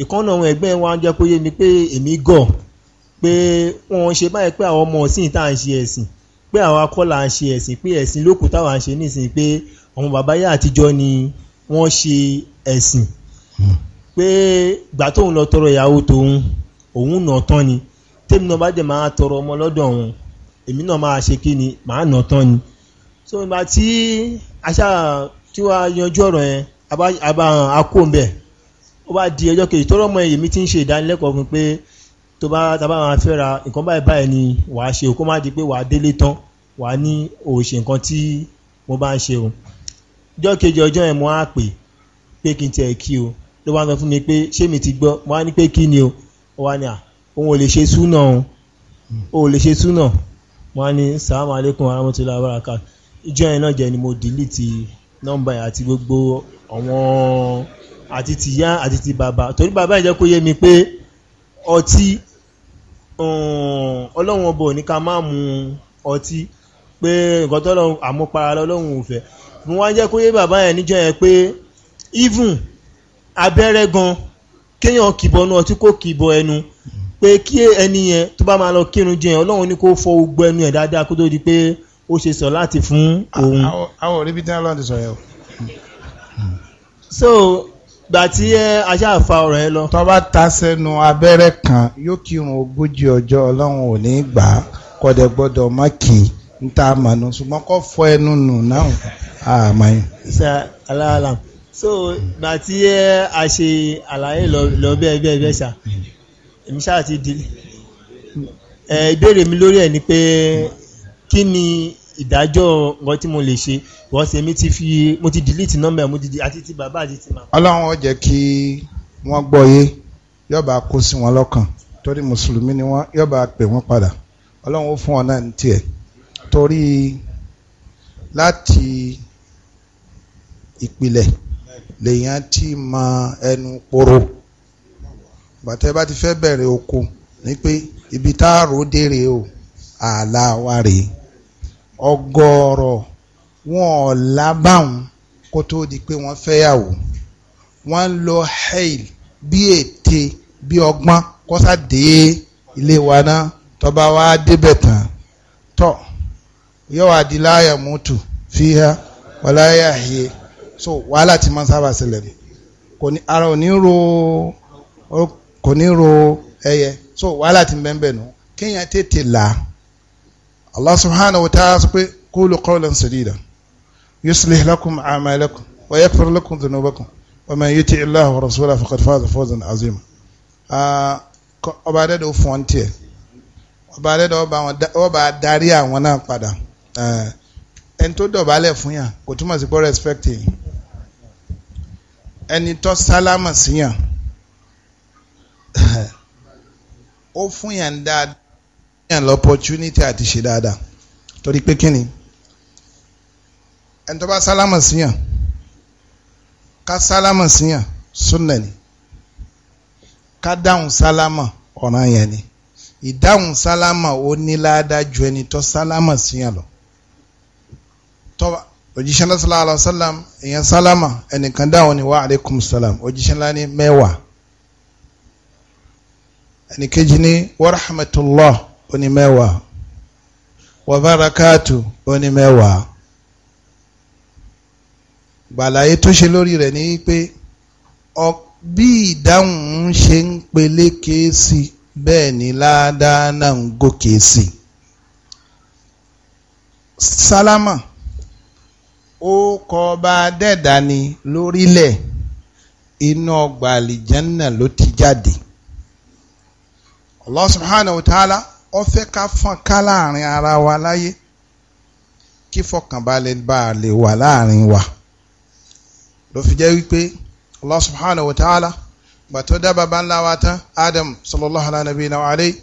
ìkànnà àwọn ẹgbẹ́ wa jẹ́ kó yé mi pé èmi gọ̀ pé wọ́n ṣe báyìí pé àwọn ọmọ ọ̀sìn tá à ń ṣe ẹ̀sìn pé àwọn akọ́là ń ṣe ẹ̀sìn pé ẹ̀sìn lókù táwa ń ṣe nísìnyí pé àwọn bàbá yá àtijọ́ ni wọ́n ṣe ẹ̀sìn hmm. pé gbà tóun lọ tọrọ ìyàwó tóun òun nà tán ni tèmi náà bá dẹ̀ máa tọrọ ọmọ lọ́dọ̀ wọn èmi náà máa ṣe kí ni màá nà tán ni so ìgbà tí aṣá tí wàá yanjú ọ̀rọ̀ yẹn abáhàn akóńbẹ̀ ó bá di ọjọ́ kejì tọrọ ọmọ èmi ti ń ṣe ìdánilẹ́kọ̀ọ́ fún pé tó bá tábà máa fẹ́ ra nǹkan báyìí báyìí ni wàá ṣe kó má di pé wàá délé tán wàá ní òòṣè nǹkan tí mo bá ń ṣe o ọjọ́ kejì ọjọ́ yẹn mo á pè pé kí n tiẹ̀ kí o ló bá sọ fún mi pé ṣé mi ti gbọ́ mo á ní pé kí ni o ó wá ní à òun ò lè ṣe súnà òun hmm. ò lè ṣe súnà wọ́n ní sàmà aleykum aramotila abaraka ìjọ yẹn náà jẹ́ ni mo dìlítì nọ́mbà yẹn àti gbogbo àwọn àti ti yá àti ti bàbá torí bàbá yẹn jẹ́ kó yé mi pé ọtí um, ọlọ́run ọbọ̀ ní ká má mu ọtí pé nǹkan tó lọ́run àmúpara lọ́lọ́run ò fẹ́ mo wá jẹ́ kó yé bàbá yẹn níjọ́ yẹn pé even abẹ́rẹ́ gan-an kéèyàn kìbọn náà tí kò kìbọn ẹnu pé kí ẹni yẹn tó bá máa lọ kírun jẹ yẹn ọlọ́run ní kó fọ gbogbo ẹnu ẹ̀ dáadáa kó tó di pé ó ṣe sọ láti fún òun. àwọn òrìbí tí wọn lọ ti sọ yẹn o. so gbà tí ẹ ajá fa ọ̀rọ̀ ẹ lọ. tó bá ta sẹ́nu abẹ́rẹ́ kan yóò kírun ogójì ọjọ́ ọlọ́run ò ní gbà á kọ́dẹ̀ gbọ́dọ̀ má kì í ń ta àmàlù ṣùgbọ́n kó fọ ẹnu nù náà àmàyàn. sẹ́ aláàlá so gbà tí ẹ a ṣe àlàyé lọ bẹ́ẹ̀ bẹ́ẹ̀ bẹ́ẹ̀ ṣá èmi ṣáà ti di ẹ ìbéèrè mi lórí ẹ̀ ni pé kí ni ìdájọ́ nǹkan tí mo lè ṣe wọ́n ṣe mi ti fi mo ti delete number mo ti di àti ti bàbá àti ti mà. ọlọ́run ó jẹ́ kí wọ́n gbọ́ yé yọba kó sí wọn lọ́kàn torí mùsùlùmí ni wọ́n yọba pè wọ́n padà ọlọ́run ó fún ọ náà ní tiẹ̀ torí láti ìpìlẹ̀ lèyàn ti mọ ẹnu poro bàtẹ́ bá ti fẹ́ bẹ̀rẹ̀ oko ni pé ibi tá a rò dèrè o ààlà wa rèé ọgọ́rọ̀ wọn ò lábàwọn kó tó di pé wọ́n fẹ́yàwó wọ́n ń lo hail bí ète bí ọgbọ́n kọ́sá dé ilé wa náà tọba wa débẹ̀ tán tọ́ yóò wá di láyà mútu wàláyà hìí so wàhálà tí máa ń sábà ṣẹlẹ̀ ni kò ní ara ò ní ro kò ní ro ẹyẹ so wàhálà tí bẹ́ẹ̀ bẹ́ẹ̀ nù kéèyàn tètè là Allah subhanahu wa ta'ala sọ pé qulu qawlan sadida yuslih lakum a'malakum wa yaghfir lakum dhunubakum wa man yuti illaha wa rasulahu faqad faza fawzan azima ọba adẹ́dẹ́ ó fún ọ tiẹ̀ ọba adẹ́dẹ́ ọba darí àwọn náà padà ẹni tó dọ̀bálẹ̀ fún yàn kò túmọ̀ sí pé respect yìí ẹni tó sálámà síyàn ó fún yàn dáadáa lọ́pọ̀tunity àti ṣe dáadáa torí pé kíni ẹni tó bá sálámà síyàn ká sálámà síyàn súnà ni ká dáhùn sálámà ọ̀ràn yẹn ni ìdáhùn sálámà ó ní ládàá ju ẹni tó sálámà síyàn lọ tọ́ba òjíṣẹ́ ńlá sallallahu alayhi wa sallam èèyàn sálámà ẹnìkan dáhùn ní wa aleykum salam òjíṣẹ́ ńlá ní mẹ́wàá ẹnìkejì ní wa rahmatullah ó ní mẹ́wàá wa barakatu ó ní mẹ́wàá gbàlàyé tó ṣe lórí rẹ̀ ní pé bí ìdáhùn ṣe ń peléke sí bẹ́ẹ̀ ni ládàá náà ń gòkè sí sálámà ó kọba dẹ́dà ni lórílẹ̀ inú ọgbà àlìjánà ló ti jáde Allah subhanahu wa ta'ala ó fẹ́ ká fọ́n ká láàrin ara wa láyé kí fọkànbalẹ̀ bá a lè wà láàrin wa ló fi jẹ́ wípé Allah subhanahu wa ta'ala gbàtọ́ dá baba ńlá wa tán Adam sallallahu ala nabiyina wa alayhi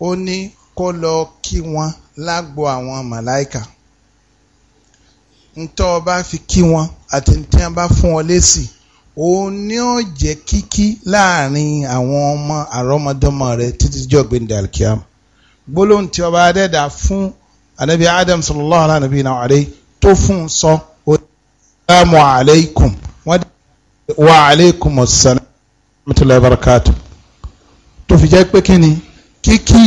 ó ní kó lọ kí wọn lágbo àwọn màláìka ntọ́ ọ bá fi kí wọn àti tí wọn bá fún ọ lésì òun ni ó jẹ́ kíkí láàrin àwọn ọmọ àrọ́mọdọ́mọ rẹ títí jọ́ gbẹ̀ndẹ̀ alikiam gbólóhùn tí ọba adẹ́dà fún anabi adam sallallahu alayhi wa alayhi tó fún un sọ ó ní assalamu alaykum wa alaykum assalam rahmatulahi barakatu tó fi jẹ́ pé kí ni kíkí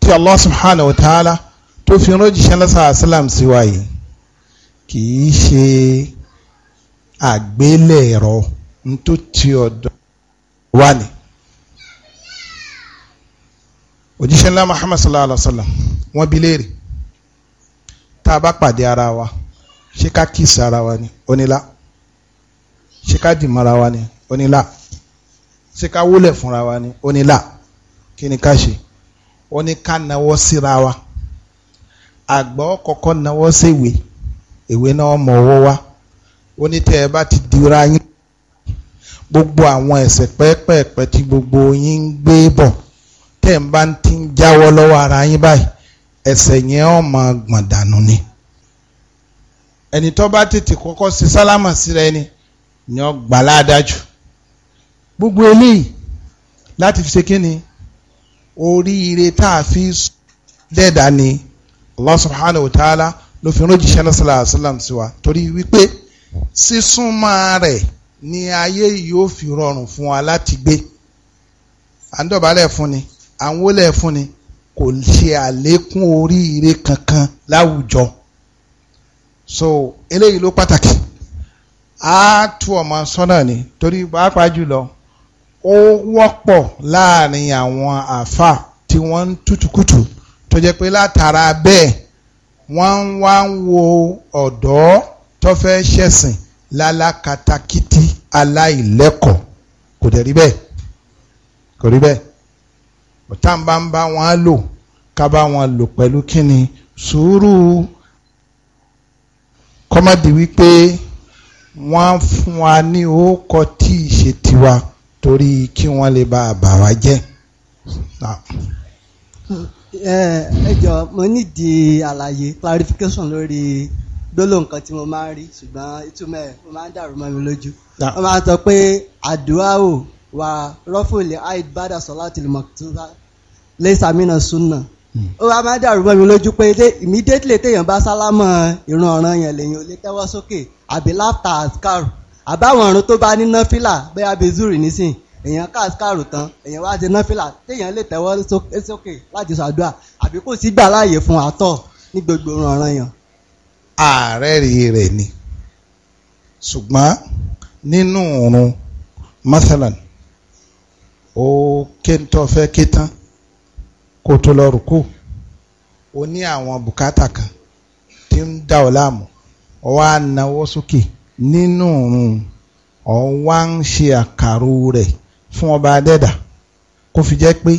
tí allah subhanahu wa ta'ala tó fi rọ́jìṣẹ́ lọ́sàá asálàm síwáyé kì í ṣe àgbélẹ̀rọ tó ti ọ̀dọ̀ wà ní. òjíṣẹ́ ńlá Muhammad sallallahu alaihi wa sallam wọ́n bi léèrè tá a bá pàdé ara wa ṣé ká kíìsì ara wa ni onílá ṣé ká dìmọ́ra wa ni onílá ṣé ká wólẹ̀ fúnra wa ni onílá kí ni ká ṣe ó ní ká nawọ́ síra wa àgbọ̀ kọ́kọ́ nawọ́ séwèé ìwé náà mọ ọwọ́ wá ó ní tẹ́ ẹ bá ti dira yín gbogbo àwọn ẹ̀ṣẹ̀ pẹ́ẹ́pẹ́ẹ́pẹ́ tí gbogbo yín ń gbé bọ̀ tẹ́ ẹ bá ti ń jáwọ́ lọ́wọ́ ara yín báyìí ẹ̀ṣẹ̀ yẹn ọ̀ máa gbọ̀n dànù ni ẹni tó bá tètè kọ́kọ́ ṣe sálámà síra ẹni ni ọ gbà ládájú gbogbo eléyìí láti fi ṣe kíni oríire tá a fi dẹ́ẹ̀dá ni Allah subhanahu wa ta'ala ló fi ránjíṣẹ́ náà sọ́lá àṣálàm sí wa torí wípé sísúnmọ́ rẹ̀ ni ayé yóò fi rọrùn fún wa láti gbé à ń dọ̀bálẹ̀ fún ni à fún ni kò ṣe àlékún oríire kankan láwùjọ so eléyìí ló pàtàkì á tú ọmọ sọ́nà ni torí pàápàá jùlọ ó wọ́pọ̀ láàrin àwọn àáfàá tí wọ́n ń tútùkùtù tó jẹ́ pé látara bẹ́ẹ̀ wọ́n ń wá ń wo ọ̀dọ́ tó fẹ́ ṣẹ̀sìn lálákatakítí aláìlẹ́kọ̀ọ́ kò dẹ̀ rí bẹ́ẹ̀ kò rí bẹ́ẹ̀ ọ̀tá ń bá ń bá wọn lò ká bá wọn lò pẹ̀lú kíni sùúrù kọ́mọ́dì wípé wọ́n fún wa ní òókọ tí ì ṣe tiwa torí kí wọ́n lè bá a bà wá jẹ́ ẹ jọ mo nídìí àlàyé clarification lórí gbólóhùn kan tí mo máa ń rí ṣùgbọ́n ìtumọ̀ ẹ̀ mo máa ń dàrú mọ́ mi lójú. wọ́n máa ń sọ pé àdúrà ò wà rọ́fùlì aid bada solatil maktuba lẹ́sàmínà sunna. Hmm. ó wá máa ń dàrú mọ́ mi lójú pé immediately téèyàn bá sálámọ̀ ìran ọ̀ràn yẹn lèyìn ò lè tẹ́wọ́ sókè àbí láfta àkàrò àbáwọn ọ̀run tó bá ní náfìlà bẹ́ẹ̀ abẹ́zúrì nísìnyí èèyàn káàkárò tán èèyàn wá ti náfìlà téèyàn lè tẹ́wọ́ sókè láti ṣàdúrà àbí kò sí gbà láàyè fún àtọ̀ ní gbogbo ọ̀ràn yàn. ààrẹ rèé rẹ̀ ni ṣùgbọ́n nínú òrun masalan ó kéńtọ́ fẹ́ ké tán kó tó lọ rùkú ó ní àwọn bùkátà kan tí ń dà ọ́ láàmú ọ wá náwó sókè nínú òrun ọ wá ń ṣe àkàrò rẹ̀ fún ọba adẹ́dà kó fi jẹ́ pé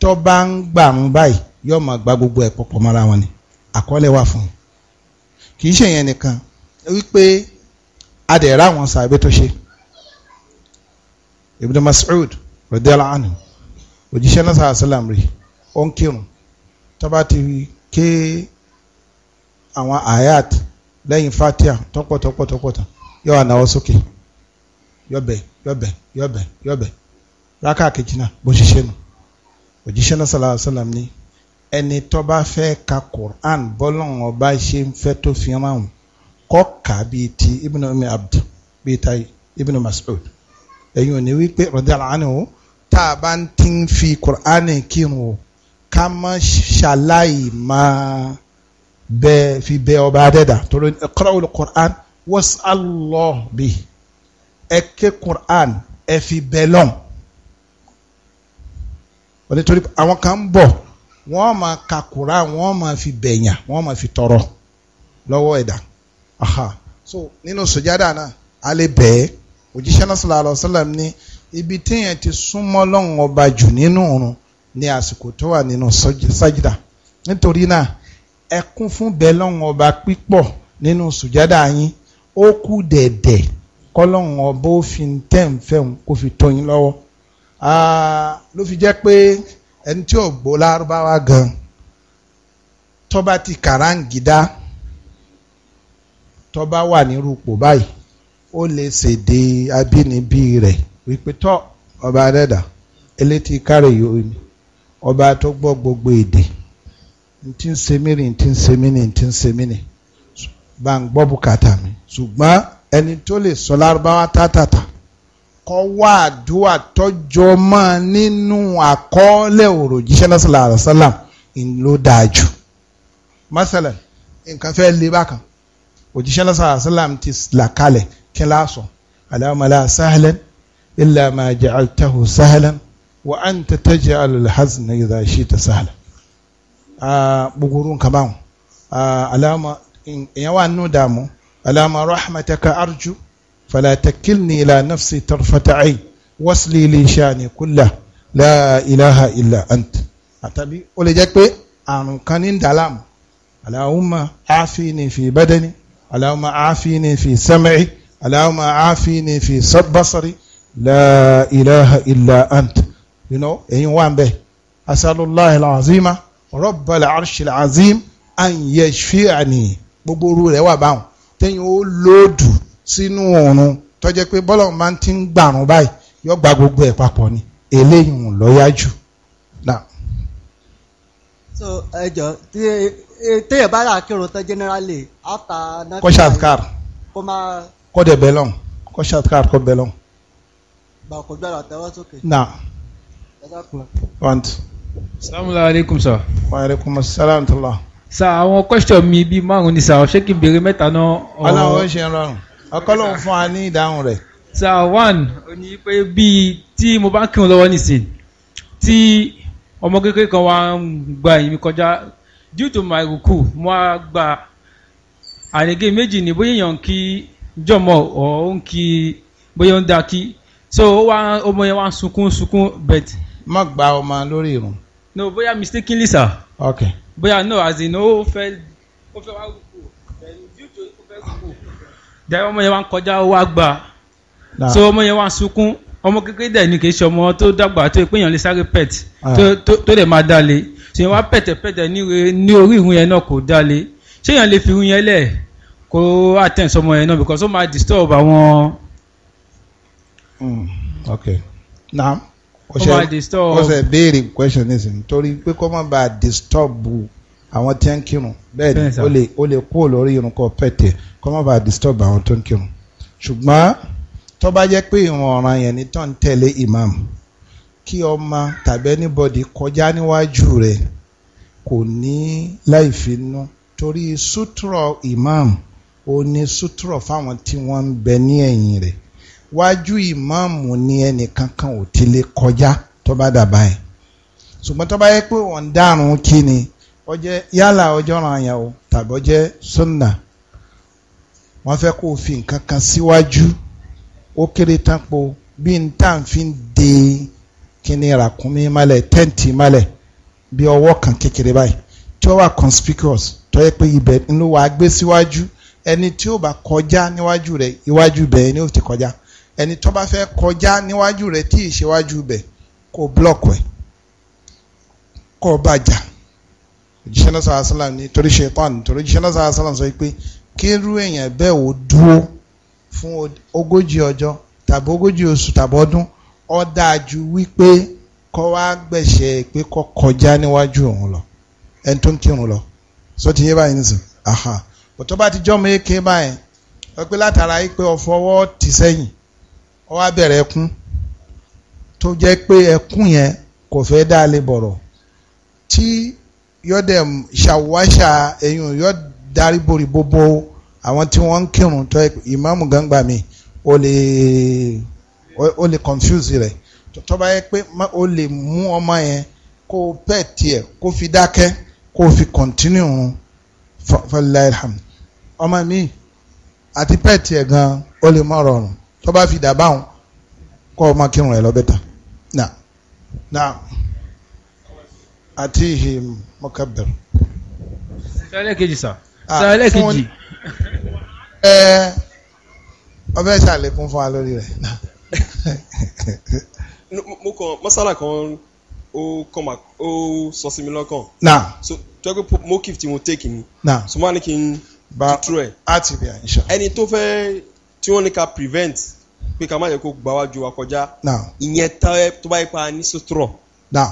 tó bá ń gbàrún báyìí yóò máa gba gbogbo ẹ̀ pọ̀pọ̀ mọ́ra wọn ni àkọọ́lẹ̀ wà fún un kì í ṣe yẹn nìkan wípé adẹ̀rẹ́ àwọn sàbẹ̀ tó ṣe Ibn Mas'ud radiyallahu anhu òjíṣẹ́ náà sàrà sálàm rè ó ń kírun tó bá ti ké àwọn ayat lẹ́yìn fatia tọ́pọ̀tọ́pọ̀tọ́pọ̀tọ́ yóò wà náwó sókè yọ̀bẹ̀ yọ̀bẹ̀ yọ̀bẹ̀ yọ̀bẹ̀ rákà kejì náà bó ṣe ṣe nù òjíṣẹ́ náà sàlàyé sàlàm ni ẹni tó bá fẹ́ ka Quran bọ́lọ́n ọba ṣe ń fẹ́ tó fi hàn áhùn kọ́ kà bíi ti ibn Umm Abd bíi ta ibn Mas'ud ẹ̀yin ò ní wípé radiyallahu anhu tá a bá ń ti fi Quran kírun o ká má ṣàlàyé máa bẹ fi bẹ ọba adẹ́dà torí iqra'ul Qur'an was'al Allah bihi ẹ ké Qur'an ẹ fi bẹ lọ́n wọ́n ní torí àwọn kan bọ̀ wọ́n máa kakura wọ́n máa fi bẹ̀yàn wọ́n máa fi tọrọ lọ́wọ́ ẹ̀dá aha so nínú sùjádà náà a lè bẹ̀ẹ́ òjíṣẹ́ náà sallallahu alaihi wasallam ní ibi téèyàn ti súnmọ́ lọ́hùn ọba jù nínú òrun ní àsìkò tó wà nínú sájídà nítorí náà ẹ kún fún bẹ́ẹ̀ lọ́hùn ọba pípọ̀ nínú sùjádà yín ó kú dẹ̀dẹ̀ kọ́lọ́hùn ọba ó fi tẹ̀ ń fẹ́ kó fi tọ́ yín lọ́wọ́. Ah, ló fi jẹ́ pé ẹni tí ò gbó lárúbáwá gan tọ́ba ti kàráǹgídá tọ́ba wà nírúpò báyìí ó lè ṣèdè abínibí rẹ̀ wípé ọba adẹ́dà elétí kárẹ̀ yóò ní ọba tó gbọ́ gbogbo èdè ntí ń se mí ntí ń ntí ń kọ́ wá àdúrà tọ́jọ́ máa nínú àkọọ́lẹ̀ ọ̀rọ̀ jíṣẹ́ lọ́sọ̀lá àrọ̀sọ́là ló dáa jù. masalan nǹkan fẹ́ lé bákan òjíṣẹ́ lọ́sọ̀lá àrọ̀sọ́là ti là kalẹ̀ kí la sọ alámàlà sahlan illa ma ja'altahu sahlan wa anta taj'alu al-hazna idha shi'ta sahlan. gbogbo nǹkan báwọn alama ìyẹn wà nínú dààmú alama rahmataka arju. فلا تكلني إلى نفسي طرفة عين واصلي لي شاني كله لا إله إلا أنت àtàbí ó lè jẹ́ pé àrùn kan ní dàlámù aláhùnmá áfíìní fi bẹ́dẹ́ni aláhùnmá áfíìní fi sẹ́mẹ́ì aláhùnmá áfíìní fi sọ́bọ́sọ́rí láìláha ilá ant ẹ̀yin wà ń bẹ̀ asálùláhi làzíma rọ́bàlà arṣìlẹ̀ azím àyẹ̀ṣíàní gbogbo orú rẹ̀ wà báwọn tẹ́yìn ó lóòdù sínú oorun tó jẹ́ pé bọ́lọ̀ máa ń ti ń gbàrún báyìí yóò gba gbogbo ẹ̀ papọ̀ ni eléyìí ń lọ́yà jù. so ẹ jọ téèyàn bá rà kírun tán generally after náà. kọ́ṣà car kó máa. kọ́ dẹ̀ bẹ́ẹ̀ lọ́n kọ́ṣà car kọ́ bẹ́ẹ̀ lọ́n. bàkú gbàrà tẹ́wọ́ sókè. na want. salaamaleykum sir. wa salaam tala. sa àwọn question mi bíi márùn-ún ni sa ṣé kí n béèrè mẹ́ta náà. aláwọ̀ ṣe ń rọrùn ọkọlọ́hún fún wa ní ìdáhùn rẹ̀. sir one ó ní pé bíi tí mo bá kírun lọ́wọ́ nísìn tí ọmọ kékeré kan wá ń gba èmi kọjá due to my ruku mo á gba àrègé méjì ní bóyá èèyàn kí jọmọ ọ ń kí bóyá ń da kí so ó wá ọmọ yẹn wá sunkún sunkún bet. má gba ọmọ lórí irun. no bóyá mistakenly sir. okay. bóyá no as in ó fẹ́ ó fẹ́ wá ruku due to ó fẹ́ ruku dẹ́wọ́ ọmọ yẹn wá ń kọjá ó wá gbà so ọmọ yẹn wá ń sunkún ọmọ kékeré dẹ̀ ni kì í ṣe ọmọ tó dàgbà tó ìpéyàn lè sáré pẹ̀t ah. tó lè máa dalẹ̀ ṣèyàn wá pẹ̀tẹ̀pẹ̀tẹ̀ ní orí ìrun yẹn náà kò dalẹ̀ ṣéyàn lè fi ìrun yẹn lẹ̀ kó attend sọmọ yẹn náà because ó máa disturb àwọn. Hmm, ok now ó ṣe ó ṣe béèrè question nísìnyí torí pé kó má bàa disturb àwọn tí ń kírun bẹ́ẹ̀ ni o lè o lè kúrò lórí irun kọ pẹ̀tẹ̀ kó má bàa disturb àwọn tó ń kírun ṣùgbọ́n tó bá jẹ́ pé ìrun ọ̀ràn yẹn ni tó ń imam kí ọmọ tàbí anybody kọjá níwájú rẹ̀ kò ní láìfi nú torí sutura imam ó ní sutura fáwọn tí wọ́n ń bẹ ní ẹ̀yìn rẹ̀ wájú imam ni ẹnìkan kan ò ti lè kọjá tó bá dàbá yẹn ṣùgbọ́n tó bá yẹ pé wọ́n dárun kí ni. ó jẹ́ yálà ọjọ́ ràn yàn o tàbí ó jẹ́ sunna wọ́n fẹ́ kó o fi nǹkan kan síwájú ó kéré tán po bí n tá n fi ń de kíni ràkúnmí malẹ̀ tẹ́ǹtì malẹ̀ bí ọwọ́ kan kékeré báyìí tí ó wà conspicuous tó yẹ pé ibẹ̀ inú wa gbé síwájú ẹni tí ó bá kọjá níwájú rẹ̀ iwájú bẹ̀ ni ó ti kọjá ẹni tó bá fẹ́ kọjá níwájú rẹ̀ tí ì ṣe wájú bẹ̀ kó block ẹ̀ kó bàjá. òjíṣẹ́ náà sàlá sàlám ní torí ṣetán torí òjíṣẹ́ náà sàlá sàlám sọ pé kí irú èèyàn bẹ́ẹ̀ ò dúró fún ogójì ọjọ́ tàbí ogójì oṣù tàbí ọdún ó dáa ju wípé kọ́ wá gbẹ̀ṣẹ̀ pé kọ́ kọjá níwájú òun lọ ẹni tó ń kírun lọ sọ ti yé báyìí nìsín aha bọ̀tọ́ bá ti jọ́mọ eke báyìí wọ́n pé látara yìí pé ọ̀fọwọ́ tì sẹ́yìn ó wá bẹ̀rẹ̀ ẹkún tó jẹ́ pé ẹkún yẹn kò fẹ́ dá lé bọ̀rọ̀ tí yọ́dẹ̀ ṣàwáṣà ẹ̀yìn yọ́ darí borí gbogbo àwọn tí wọ́n ń kírun tó ìmáàmù gangba mi ó lè ó lè confuse rẹ̀ tó bá yẹ pé ó lè mú ọmọ yẹn kó pẹ́ tiẹ̀ kó fi dákẹ́ kó fi continue fọláìlham ọmọ mi àti pẹ́ tiẹ̀ gan ó lè mọ̀ rọrùn tó bá fi dà báwọn kọ́ ọmọ kírun rẹ̀ lọ́bẹ̀ta náà náà atihim mọ́kàbẹ̀r. sàlẹ̀ kejì sà ah, sàlẹ̀ kejì. ẹ ọbẹ̀ ṣàlékún fún wa lórí rẹ̀. mo kàn masala kan ó kàn máa ó sọ sí mi lọ́kàn. na so tó yẹ pé tí mo tẹ́kì ni. na so máa ní kí n tutù ẹ̀. a ti bẹ̀ àyíṣà. ẹni tó fẹ́ tí wọ́n ní ká prevent pé ká má yẹ kó gbà wájú wa kọjá. na ìyẹn tó bá yẹ pa ní sotrọ. na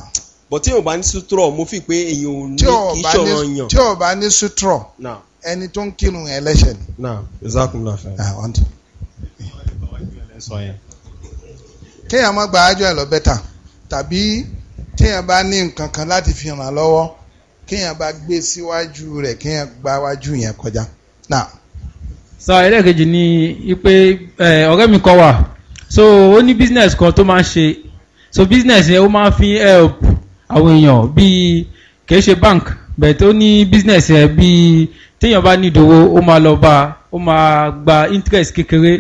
but tí o bá ní sutrọ mo fi pé èyàn ò ní kí sọ̀rọ̀ yàn. tí o bá ní sutrọ ẹni tó ń kírun ẹlẹ́ṣẹ̀ ni. na ezakun la fẹ. kéèyàn má gba àjọ ẹ lọ bẹ́tà tàbí kéèyàn bá ní nǹkan kan láti fi ràn lọ́wọ́ kéèyàn bá gbé síwájú rẹ̀ kéèyàn gba wájú yẹn kọjá. sọ ẹlẹ́kejì ni wípé ọ̀rẹ́ mi kọ wà so ó ní business kan tó máa ń ṣe so business yẹn ó máa ń fi help àwọn èèyàn bíi kìí ṣe bank bẹ́ẹ̀ tó ní business ẹ̀ bíi téèyàn bá nídòwó ó máa lọ bá ó máa gba interest kékeré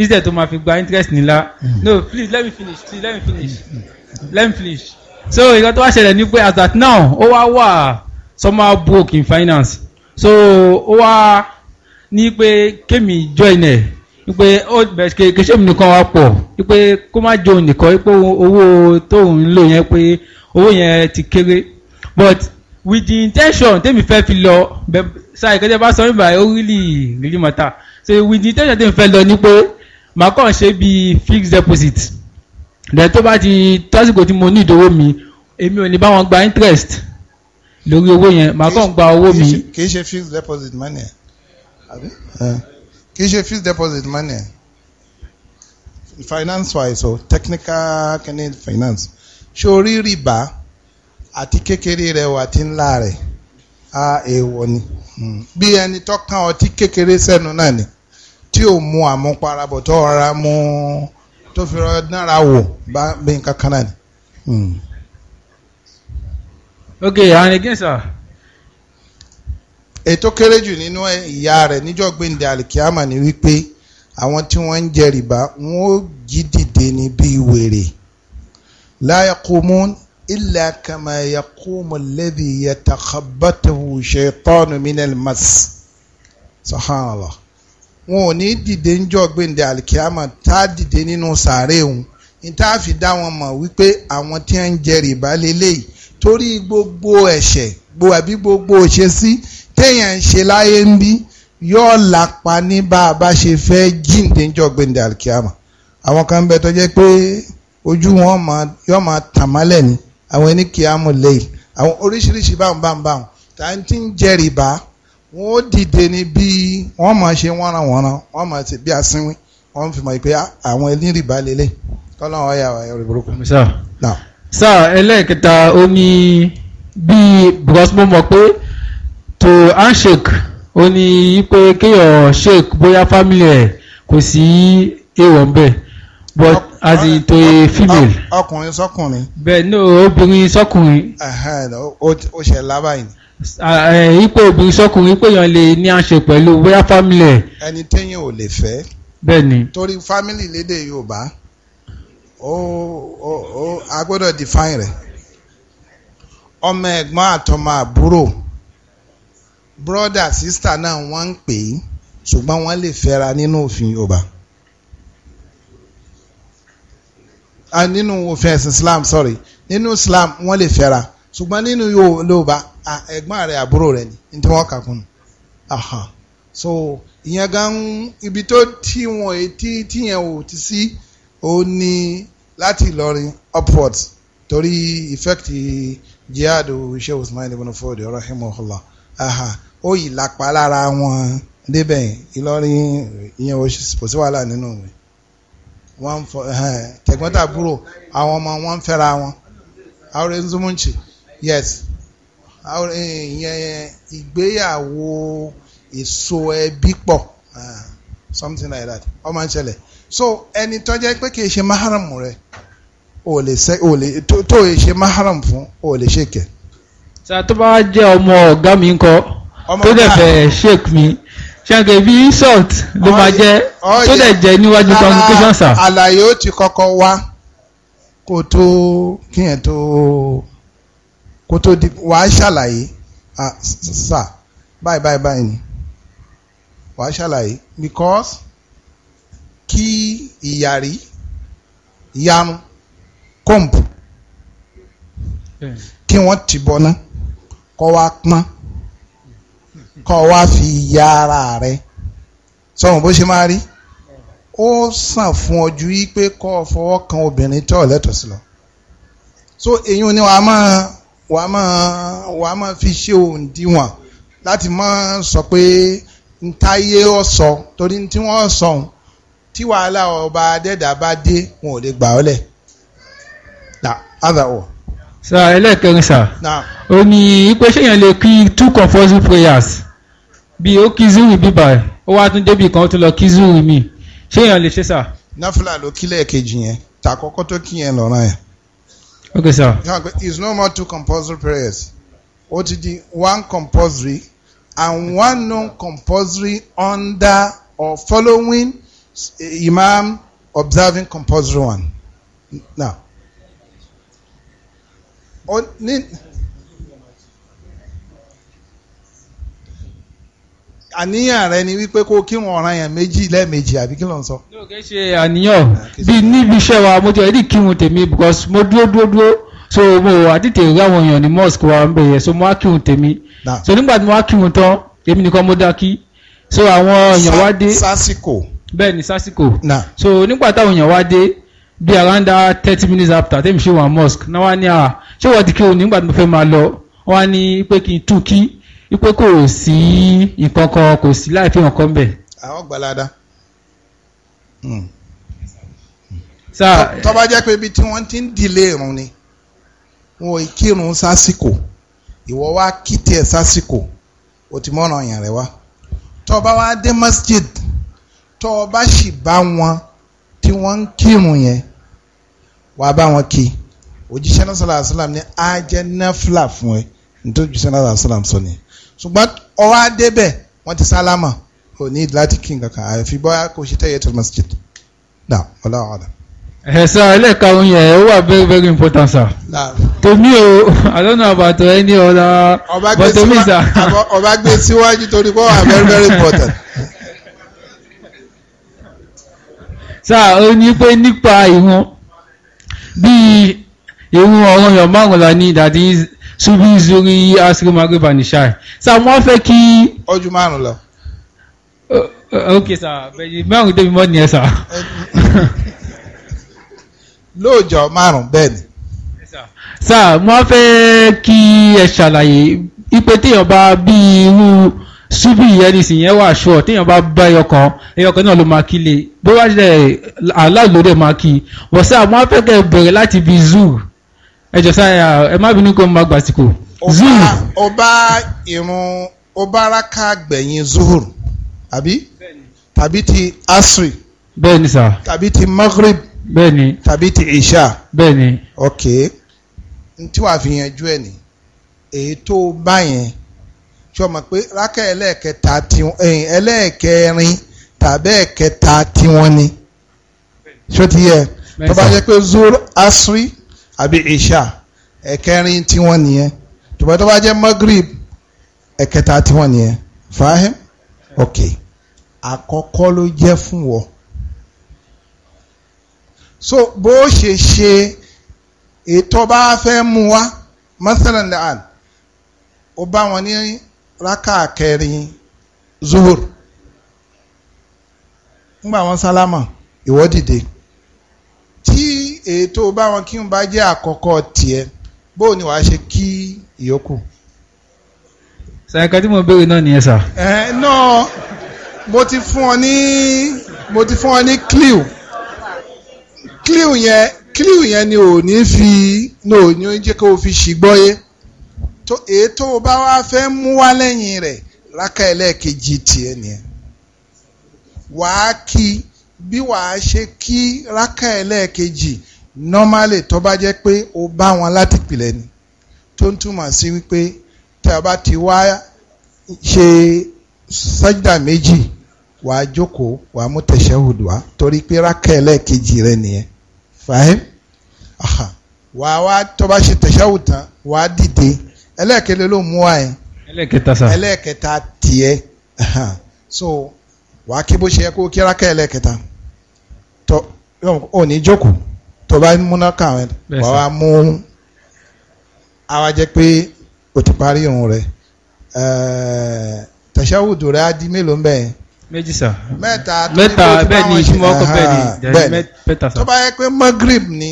instead tó máa fi gba interest nílá hmm. no please let me finish please let me finish let me finish so ìgbà tó wá ṣẹlẹ̀ ni pé as at now ó wá wà somehow broke in finance so ó wá ní pé kémi join ẹ̀ wípé ó bẹ̀rẹ̀ kéṣẹ́ mi nìkan wá pọ̀ wípé kó má jẹun nìkan wípé owó tóun ń lò yẹn pé owó yẹn ti kéré but with the intention tèmi fẹ́ fi lọ ṣáà ìkẹ́jẹ́ bá sọ nígbà ó really really matter so with the intention tèmi fẹ́ lọ ni pé màá kàn ṣe bí fixed deposit then tó bá ti tásìkò tí mo ní ìdówó mi èmi ò ní bá wọn gba interest lórí owó yẹn màá kàn gba owó mi. kì í ṣe fixed deposit money kì í ṣe fixed deposit money finance wise o technical kind of finance ṣé orí rìbá àti kékeré rẹ̀ wà tí ńlá rẹ̀ a èèwọ̀ ni hmm. bí ẹni tó ọtí kékeré sẹ́nu náà ni tí ò mu àmupara tó rọra mu tó fi rọ náírà wò bá bí nǹkan náà ni. Hmm. Okay, and again, sir. Ètò kéré jù nínú ìyà rẹ̀ níjọ́ gbẹ̀ǹdẹ̀ àlìkíyàmà ni wípé àwọn tí wọ́n ń jẹ rìbá wọ́n ó jí dìde ní bíi wèrè la yaqumun illa kama yaqumu alladhi yatakhabbatahu shaytanu minal mas subhanallah wọn ò ní dìde ńjọ́ gbẹndẹ alikiyama tá a dìde nínú sàárè òun níta fi dá wọn mọ̀ wípé àwọn tí ń jẹ rìbá lélẹyìí torí gbogbo ẹ̀ṣẹ̀ gbogbo àbí gbogbo òṣèṣí téèyàn ń ṣe láyé ń bí yóò lápa ní bá a bá ṣe fẹ́ jíǹde ńjọ́ gbẹndẹ alikiyama àwọn kan bẹ tó jẹ́ pé ojú wọn yóò máa tàn mọ́lẹ̀ ni àwọn ẹni kì í amú lẹ́yìn àwọn oríṣiríṣi báwọn báwọn báwọn tá à ń ti ń jẹ́rìí bá wọn ó dìde ni bí wọ́n máa ṣe wọ́nranwọ́nran wọ́n máa ṣe bí asínwín wọ́n fi mọ̀ pé ah, àwọn ẹni rìbá lélẹ̀ kọ́lọ́wọ́ yà wà ẹ̀rọ ìbúrúkú. sá ẹlẹ́ẹ̀kẹta ó ní because mo mọ̀ pé to handshake ó ní pé kéèyàn shake bóyá family ẹ̀ kò sí èèwọ̀ bẹ́ẹ̀ but as in to a female. ọkùnrin sọkùnrin. bẹ́ẹ̀ ní obìnrin sọkùnrin. ó ṣe lábàá yìí. ipò obìnrin sọkùnrin pé èèyàn lè ní àṣẹ pẹ̀lú bóyá family. ẹni téèyàn ò lè fẹ́. bẹ́ẹ̀ ni. torí family lédè Yorùbá O o o a gbọ́dọ̀ define rẹ̀ ọmọ ẹ̀gbọ́n àtọmọ àbúrò brother sister náà wọ́n ń pè é ṣùgbọ́n wọ́n lè fẹ́ra nínú òfin Yorùbá. Ah, nínú òfin ẹ̀sìn Islam sorry nínú Islam wọ́n lè fẹ́ra ṣùgbọ́n nínú Yorùbá ẹ̀gbọ́n rẹ̀ àbúrò rẹ̀ ni tí wọ́n kà kún un so ìyẹn gan ibi tó tí wọn tí tí yẹn ò ti sí ó ní láti Ìlọrin upwards torí effect jihad Sheikh Usman ibn Fodio ọ̀rọ̀ rahimahullah ó yìí lápá lára wọn débẹ̀ Ìlọrin ìyẹn ò sì pọ̀ sí wàhálà nínú rẹ̀. wọ́n fọ eh, tẹ̀gbọ́ntàbúrò àwọn ọmọ wọn fẹ́ra wọn àwòrán nzumunchi yes eh, ìyẹn ìgbéyàwó èso ẹbí pọ̀ eh, something like that ọmọ ń ṣẹlẹ̀ so ẹni tó jẹ́ pé kì í ṣe maharam rẹ o lè ṣe o lè tó o ṣe maharam fún o lè ṣe kẹ. sàtúbà jẹ́ ọmọ ọ̀gá mi ń kọ́ tó dẹ̀ fẹ́ ṣèkú mi. ṣàǹkè bí insult ló máa jẹ́ tó dẹ̀ jẹ́ níwájú communication sir. àlàyé ó ti kọ́kọ́ wá kó tó kíyẹn tó kó tó di wàá ṣàlàyé ah, sà báyìí báyìí báyìí ni wàá ṣàlàyé because kí ìyàrí yanu comb kí wọ́n ti bọ́ná kọ́ wá pọ́n kọ́ wá fi ya ara rẹ sọ̀rọ̀ bó ṣe máa rí ó sàn fún ọ ju wípé kọ́ ọ fọwọ́ kan obìnrin tó lẹ́tọ̀ọ́ sí lọ so èyí ni wàá máa wàá máa wàá máa fi ṣe òǹdíwọ̀n láti máa sọ pé ntáyé ọ sọ torí tí wọ́n sọ ohun tí wàhálà ọba adẹ́dà bá dé wọn ò lè gbà ọ́ lẹ̀ na otherwise sà ẹlẹ́ẹ̀kẹrin sà ó ní pé ṣéyàn lè kí two compulsory prayers bí ó kí zúwì bíbà ó wá tún débì kan ó lọ kí mi ṣé èèyàn lè ṣe sà. náfìlà ló kí lẹ́ẹ̀kejì yẹn tà kọ́kọ́ tó kí yẹn lọ́ràn yẹn. ok sir. yàrá pé it's no more two compulsory prayers ó ti di one compulsory and one non-compulsory under or following imam observing compulsory one. now. àníyàn rẹ ni wípé kó kírun ọ̀ràn yẹn méjì lẹ́ẹ̀mejì àbí kí ló ń sọ. yóò ṣe àníyàn ah, bíi níbi iṣẹ́ wa mo jẹ́ ẹ̀dí kírun tèmi because mo dúró dúró dúró so mo àtètè rí àwọn èèyàn ní mosque wa ń bẹ̀ yẹn so mo wá kírun tèmi so nígbà tí mo wá kírun tán èmi nìkan mo dá kí so àwọn èèyàn wá dé sásìkò bẹ́ẹ̀ ni sásìkò so nígbà táwọn èèyàn wá dé bíi around thirty minutes after tèmi ṣe wà mosque náà wá ní à ah, ṣé wọ́n ti kírun nígbà tí mo fẹ́ máa lọ wọ́n á ní pé kí n tú kí wípé kò sí ìkankan kò sí láì fi hàn kọ́ mbẹ̀. àwọn gbalada. Hmm. tó bá jẹ́ pé ibi tí wọ́n ti ń dìlé irun ni wọn ò kírun sásìkò ìwọ wá kí tiẹ̀ sásìkò o ti mọ̀ràn yàn rẹ wá tó bá dé masjid tó bá sì bá wọn tí wọ́n ń kírun yẹn wàá bá wọn kí òjíṣẹ́ náà sọ̀rọ̀ àṣàlám ní ajẹ́ náfìlà fún ẹ nítorí òjíṣẹ́ náà àṣàlám sọ nìyẹn ṣùgbọ́n ọwọ́ adébẹ̀ wọ́n ti sálámà ò ní láti kí nǹkan kan àfi bọ́yá kò ṣe tẹ́yẹ tó masjid dà ọ̀la ọ̀la. ẹ̀sán ẹlẹ́karùn-ún yẹn ó wà very very important sir. to me o i don't know about any other but to me sir. ọba gbé síwájú torí pé ó wà very very important sáà ó ní pé nípa ìrun bí ìrun ọ̀ranyàn márùn-ún la ní that is ṣubí zuri asiri magreba nishai sa mo fẹ́ kí. ọjọ́ márùn lọ. ok sa bẹ́ẹ̀ márùn débi mọ nìyẹn sa. lóòjọ́ márùn bẹ́ẹ̀ ni. E sa mo fẹ́ kí ẹ ṣàlàyé ipe téèyàn bá bí irú ṣubí yẹn nísìnyẹn wà ṣọ téèyàn bá bá ẹyọkan ẹyọkan náà ló máa kí lè bó wá jẹ aláìlóde máa kí wọ́n sá mo fẹ́ kẹ́ bẹ̀rẹ̀ láti bí zoo ẹ jọ sáyà ẹ má bínú kó má gbàsíkò. ọba ọba irun ọba raka gbẹ̀yìn zuhur àbí tàbí ti asri. bẹ́ẹ̀ni sà. tàbí ti maghrib. bẹ́ẹ̀ni. tàbí ti isha. bẹ́ẹ̀ni. ok n tí wàá fi yanjú ẹ ní èyí tó tí wọ́n mọ̀ pé raka ẹlẹ́ẹ̀kẹta tiwọn eh, ẹlẹ́ẹ̀kẹrin tàbí ẹ̀kẹta tiwọn ni ṣó ti yẹ tó bá jẹ́ pé zuhur asri àbí ìṣà ẹ̀kẹrin tiwọn nìyẹn tùbọ̀ tó bá jẹ́ magrib ẹ̀kẹta tiwọn nìyẹn fahim ok àkọ́kọ́ ló jẹ́ fún wọ so bó ṣe ṣe ètò bá fẹ́ mú wa masalan da'an ó bá wọn ní rákà kẹrin zuhur ńgbà wọn sálámà ìwọ dìde ètò bá wọn kí n bá jẹ́ àkọ́kọ́ tiẹ̀ bó ni wàá ṣe kí ìyókù. sàkà mo béèrè náà nìyẹn sà. ẹ náà mo ti fún ọ ní mo ti fún ọ ní clue clue yẹn clue yẹn ni ò ní fi ní ò ní jẹ́ kó o fi ṣìgbọ́yé tó ètò bá wàá fẹ́ mú wá lẹ́yìn rẹ̀ rákà ẹlẹ́ẹ̀kejì tiẹ̀ nìyẹn wàá kí bí wàá ṣe kí rákà ẹlẹ́ẹ̀kejì normally tó bá jẹ́ pé o bá wọn láti pìlẹ̀ ni tó ń túmọ̀ sí wípé tí a bá ti wá ṣe sájídà méjì wàá jókòó wàá mú tashahhud wá torí pé rákẹ́ ẹlẹ́ẹ̀kejì rẹ nìyẹn fàáhìm wàá wá tó bá ṣe tashahhud tán wàá dìde ẹlẹ́ẹ̀kẹ́lẹ́ ló mú wa yẹn ẹlẹ́ẹ̀kẹta sa ẹlẹ́ẹ̀kẹta tiẹ̀ so wàá kí bó ṣe yẹ kó kí rákẹ́ ẹlẹ́ẹ̀kẹta tó ò ní jókòó tó bá múná kàwé wà wá mú àwa jẹ́ pé o ti parí irun rẹ̀ tẹ̀síáwùdù rẹ̀ á di mélòó bẹ́ẹ̀. méjì sà mẹ́ta mẹ́ta bẹ́ẹ̀ ni ìṣúná ọkọ̀ bẹ́ẹ̀ ni mẹ́ta sà. tó bá yẹ pé magrib ni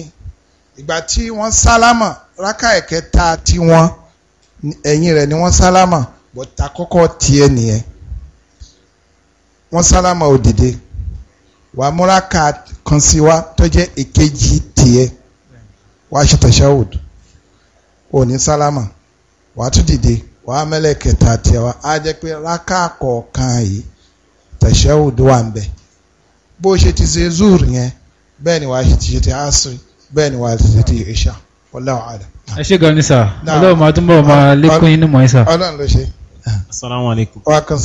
ìgbà tí wọ́n sálámà rákà ẹ̀kẹta tí wọ́n ẹ̀yìn rẹ̀ ni wọ́n sálámà bọ̀tà kọ́kọ́ tiẹ̀ nìyẹn wọ́n sálámà òdìdé wà á múra ká kan sí wa tó jẹ́ èkejì tiẹ̀ wà á ṣe tashahud òní sálámà wà á tún dìde wà á mẹ́lẹ̀ kẹta tiẹ̀ wa á jẹ́ pé ráká kọ̀ọ̀kan yìí tashahud wà ń bẹ̀ bó ṣe ti ṣe zuur yẹn bẹ́ẹ̀ ni wà á ṣe ti asiri bẹ́ẹ̀ ni wà á ṣe ti isha wallahu alam. ẹ ṣe gan ni sá ọlọ́run máa túnbọ̀ máa lékún inú mọ́ ẹ sá. ọlọ́run ló ṣe. asalaamualeykum. wa kan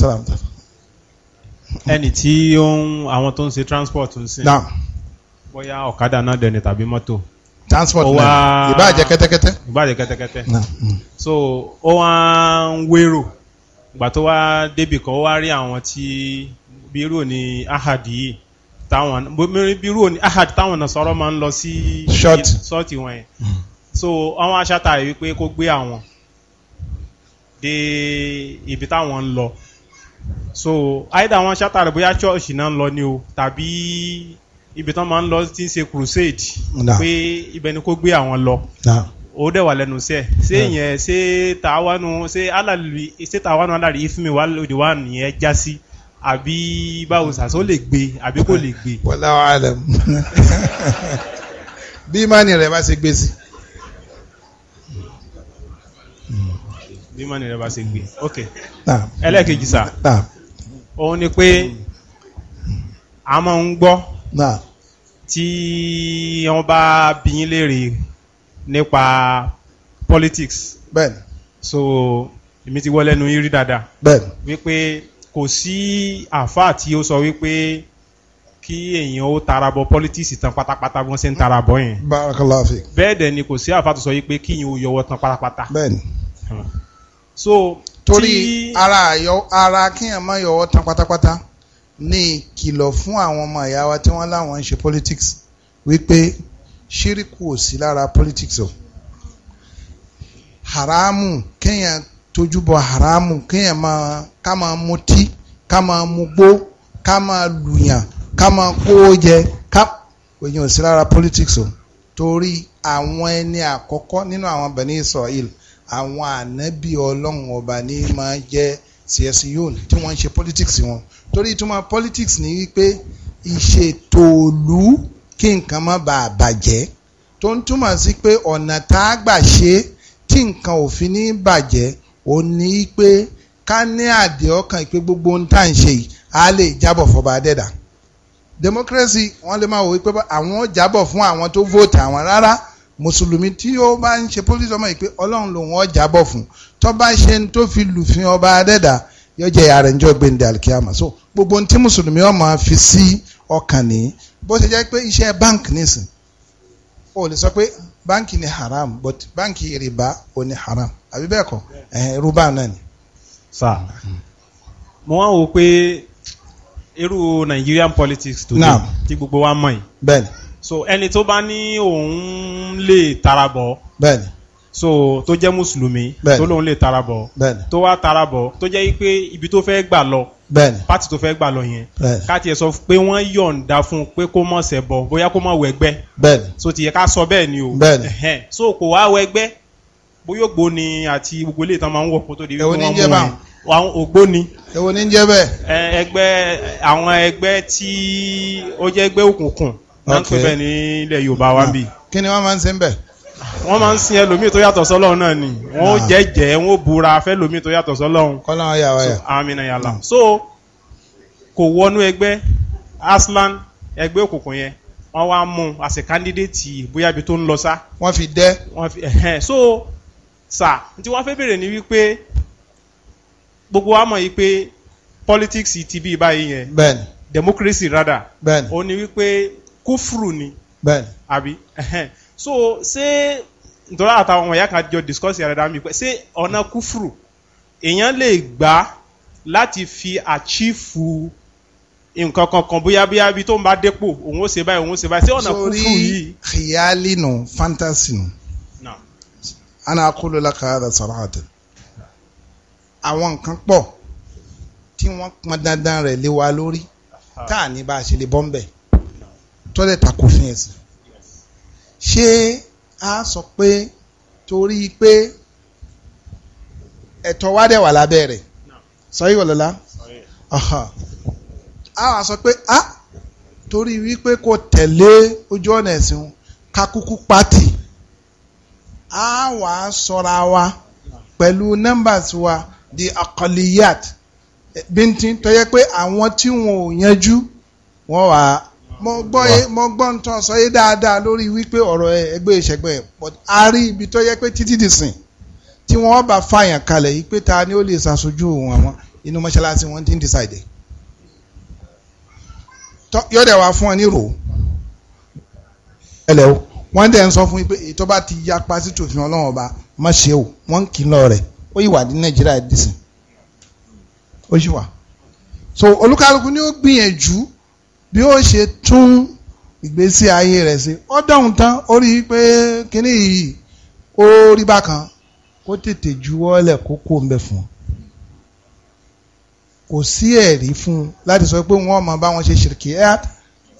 ẹni tí ó ń àwọn tó ń ṣe transport ń sìn. náà bóyá ọ̀kadà náà dẹni tàbí mọ́tò. transport náà ìbáàjẹ́ kẹ́tẹ́kẹ́tẹ́. ìbáàjẹ́ kẹ́tẹ́kẹ́tẹ́. so ó wá ń wérò ìgbà tó wá débì kan ó wá rí àwọn tí bírò ní ahad yìí táwọn bírò ní ahad táwọn náà sọ̀rọ̀ máa ń lọ sí ṣọ́ọ̀tì wọn yẹn hmm. so àwọn aṣáta yìí wípé kó gbé àwọn dé ibi táwọn ń lọ so either wọn ṣàtàrẹ bóyá church náà ń lọ ni o tàbí ibi tán máa ń lọ tí ń ṣe crusade pé ibẹ̀ ni kó gbé àwọn lọ ó dẹ̀ wà lẹ́nu sẹ́ẹ̀ ṣé ìyẹn ṣé tàwánu ṣé alàlùbí ṣé tàwánu alàrí ìfúnmi wà lòdì wà nìyẹn já sí àbí báwo sàṣọ lè gbé àbí kò lè gbé. wọ́n láwọn àlẹ́ bí mánì rẹ̀ bá ṣe gbé sí bí mọ́ni rẹ̀ bá ṣe gbé ok ẹlẹ́ẹ̀kejì sà òun ni pé a máa ń gbọ́ tí wọ́n bá bi léèrè nípa politics bẹ́ẹ̀ni so èmi ti wọ́ lẹ́nu yín rí dáadáa bẹ́ẹ̀ni wípé kò sí àfáà tí ó sọ wípé kí èèyàn ó tarabọ politics tán pátápátá bí wọ́n ṣe ń tarabọ yẹn. barakallahu fi. ni kò sí àfáà tó sọ yìí pé kí yìí ó yọwọ́ tán pátápátá so torí ara àyọ ara kíyàn má yọwọ́ tán pátápátá ní ìkìlọ̀ fún àwọn ọmọ ìyá wa tí wọ́n láwọn ń ṣe politics wípé ṣíríkù ò sí lára politics o haramu kíyàn tójú bọ haramu kíyàn máa ká máa mutí ká máa mugbó ká máa lùyàn ká máa kówó jẹ ká òyìn ò sí lára politics o torí àwọn ẹni àkọ́kọ́ nínú àwọn Bani Israel àwọn ànábì ọlọ́run ọba ní máa jẹ́ csun tí wọ́n ń ṣe politics wọn torí ìtumọ̀ politics ni wípé ìṣètò òlú kí nǹkan má bàa bàjẹ́ tó ń túmọ̀ sí pé ọ̀nà tá a gbà ṣe tí nǹkan ò fi ní bàjẹ́ ò ní pé ká ní àdé ọkàn pé gbogbo ohun tá à ń ṣe yìí á lè jábọ̀ fọba adẹ́dà democracy wọ́n lè máa wò wípé àwọn ò jábọ̀ fún àwọn tó vote àwọn rárá mùsùlùmí tí ó bá ń ṣe police ọmọ yìí pé ọlọ́run lòun ọjà bọ̀ fún tó bá ṣe ń tó fi lùfin ọba adẹ́dà yóò jẹ́ ìyá rẹ̀ ń jọ gbẹ̀ǹdẹ̀ alikiyama so gbogbo ohun tí mùsùlùmí ọmọ fi sí ọkàn ní bó ṣe jẹ́ pé iṣẹ́ bank nìsín o lè sọ pé báńkì ni haram but báńkì rìbá o ni haram àbí bẹ́ẹ̀ kọ́ irú báà náà ni. sà mo wá wò pé irú Nigerian politics today tí gbogbo wa mọ̀ yìí. bẹ́ẹ̀ni so ẹni tó bá ní òun lè tarabọ̀ bẹ́ẹ̀ni so tó jẹ́ mùsùlùmí bẹ́ẹ̀ni tó lóun lè tarabọ̀ bẹ́ẹ̀ni tó wá tarabọ̀ tó jẹ́ pé ibi tó fẹ́ gbà lọ bẹ́ẹ̀ni pati tó fẹ́ gbà lọ yẹn bẹ́ẹ̀ni ká tiẹ̀ sọ pé wọ́n yọ̀ǹda fún un pé kó mọ̀ ṣẹ̀ bọ̀ bóyá kó mọ̀ wẹ̀gbẹ́ bẹ́ẹ̀ni so tiẹ̀ ká sọ bẹ́ẹ̀ ni o bẹ́ẹ̀ni so kò wá wẹ̀gbẹ́ bóyá ògbóni àti gbogbo ilé ìtàn máa ń wọ̀ kó tó di wípé wọ́n mú wọn àwọn ògbóni. èwo ní jẹ́ bẹ́ẹ̀. ẹgbẹ́ àwọn ẹgbẹ́ tí ó jẹ́ ẹgbẹ́ òkùnkùn wọ́n ní ilẹ̀ Yorùbá wa ah, bí. kí ni wọ́n máa ń sin bẹ́ẹ̀. wọ́n máa ń sin ẹlòmíì tó yàtọ̀ sọ́lọ́run náà ni wọ́n ah. jẹ́jẹ́ wọ́n ó fẹ́ lòmíì tó yàtọ̀ sọ́lọ́run. kọ́lá wọn yà wáyà. amina yàlá so kò wọnú ẹgbẹ́ aslan ẹgbẹ́ òkùnkùn yẹn wọ́n wá mú un as a candidate bóyá ibi tó ń lọ sá. wọ́n fi dẹ́. so sà tí wọ́n fẹ́ bèrè ni wípé gbogbo wa mọ̀ yìí pé politics ti bí báyìí yẹn. bẹ́ẹ̀ni democracy rather. bẹ́ẹ̀ni ó ní wípé kúfùrù ni. bẹ́ẹ̀ni. àbí so ṣé nítorí àtàwọn ọmọ ìyá kan jọ discuss yàrá dàmí pé ṣé ọ̀nà kúfùrù èèyàn lè gbà láti fi àchífù nǹkan kankan bóyá bóyá bí tó ń bá dépò òun ó ṣe báyìí òun ó ṣe báyìí ṣé ọ̀nà kúfùrù yìí. sórí khiyali nù fantasy nù. ana akulu laka hada sarahatan àwọn nǹkan pọ̀ tí wọ́n pọn dandan rẹ̀ lé wa lórí tá à ní bá a ṣe lè bọ́ ń bẹ̀ tọ́lẹ̀ takòfin ẹ̀sìn ṣé a sọ pé torí pé ẹ̀tọ́ wa dẹ̀ wà lábẹ́ rẹ̀ sọyí wọ̀lọ́lá a wà sọ pé a ah, torí wípé kò tẹ̀lé ojú ọ̀nà ẹ̀sìn kakuku pati a wà sọra wa pẹ̀lú nọ́mbàs wa di akọliyat bíntín tó yẹ pé àwọn tí wọn ò yanjú wọn wà mo gbọ́ mo gbọ́ ń tán sọ yé dáadáa lórí wípé ọ̀rọ̀ ẹgbẹ́ ìṣẹ̀gbẹ́ but a rí ibi tó yẹ pé títí dìsìn tí wọ́n bá fàyàn kalẹ̀ yìí pé ta ni ó lè ṣàṣojú òun àwọn inú mọ́ṣáláṣí wọ́n ti ń decide. yọ̀dẹ̀ wá fún ọ ní rò ẹlẹ́ o wọ́n dẹ̀ ń sọ fún yín pé ètò bá ti ya pásí tòfin ọlọ́run ọba má ṣe o wọ́n ń kì í lọ rẹ̀ ó yìí wà ní nàìjíríà dìsìn ó sì wà. so olúkálùkù ni ó gbìyànjú bí ó ṣe tún ìgbésí ayé rẹ̀ ṣe ó dáhùn tán ó rí i pé kínní yìí ó rí bákan kó tètè juwọ́ lẹ̀ kó kó ń bẹ fún un kò sí ẹ̀rí fún un láti sọ pé wọ́n mọ báwọn ṣe ṣìrìkì ẹ́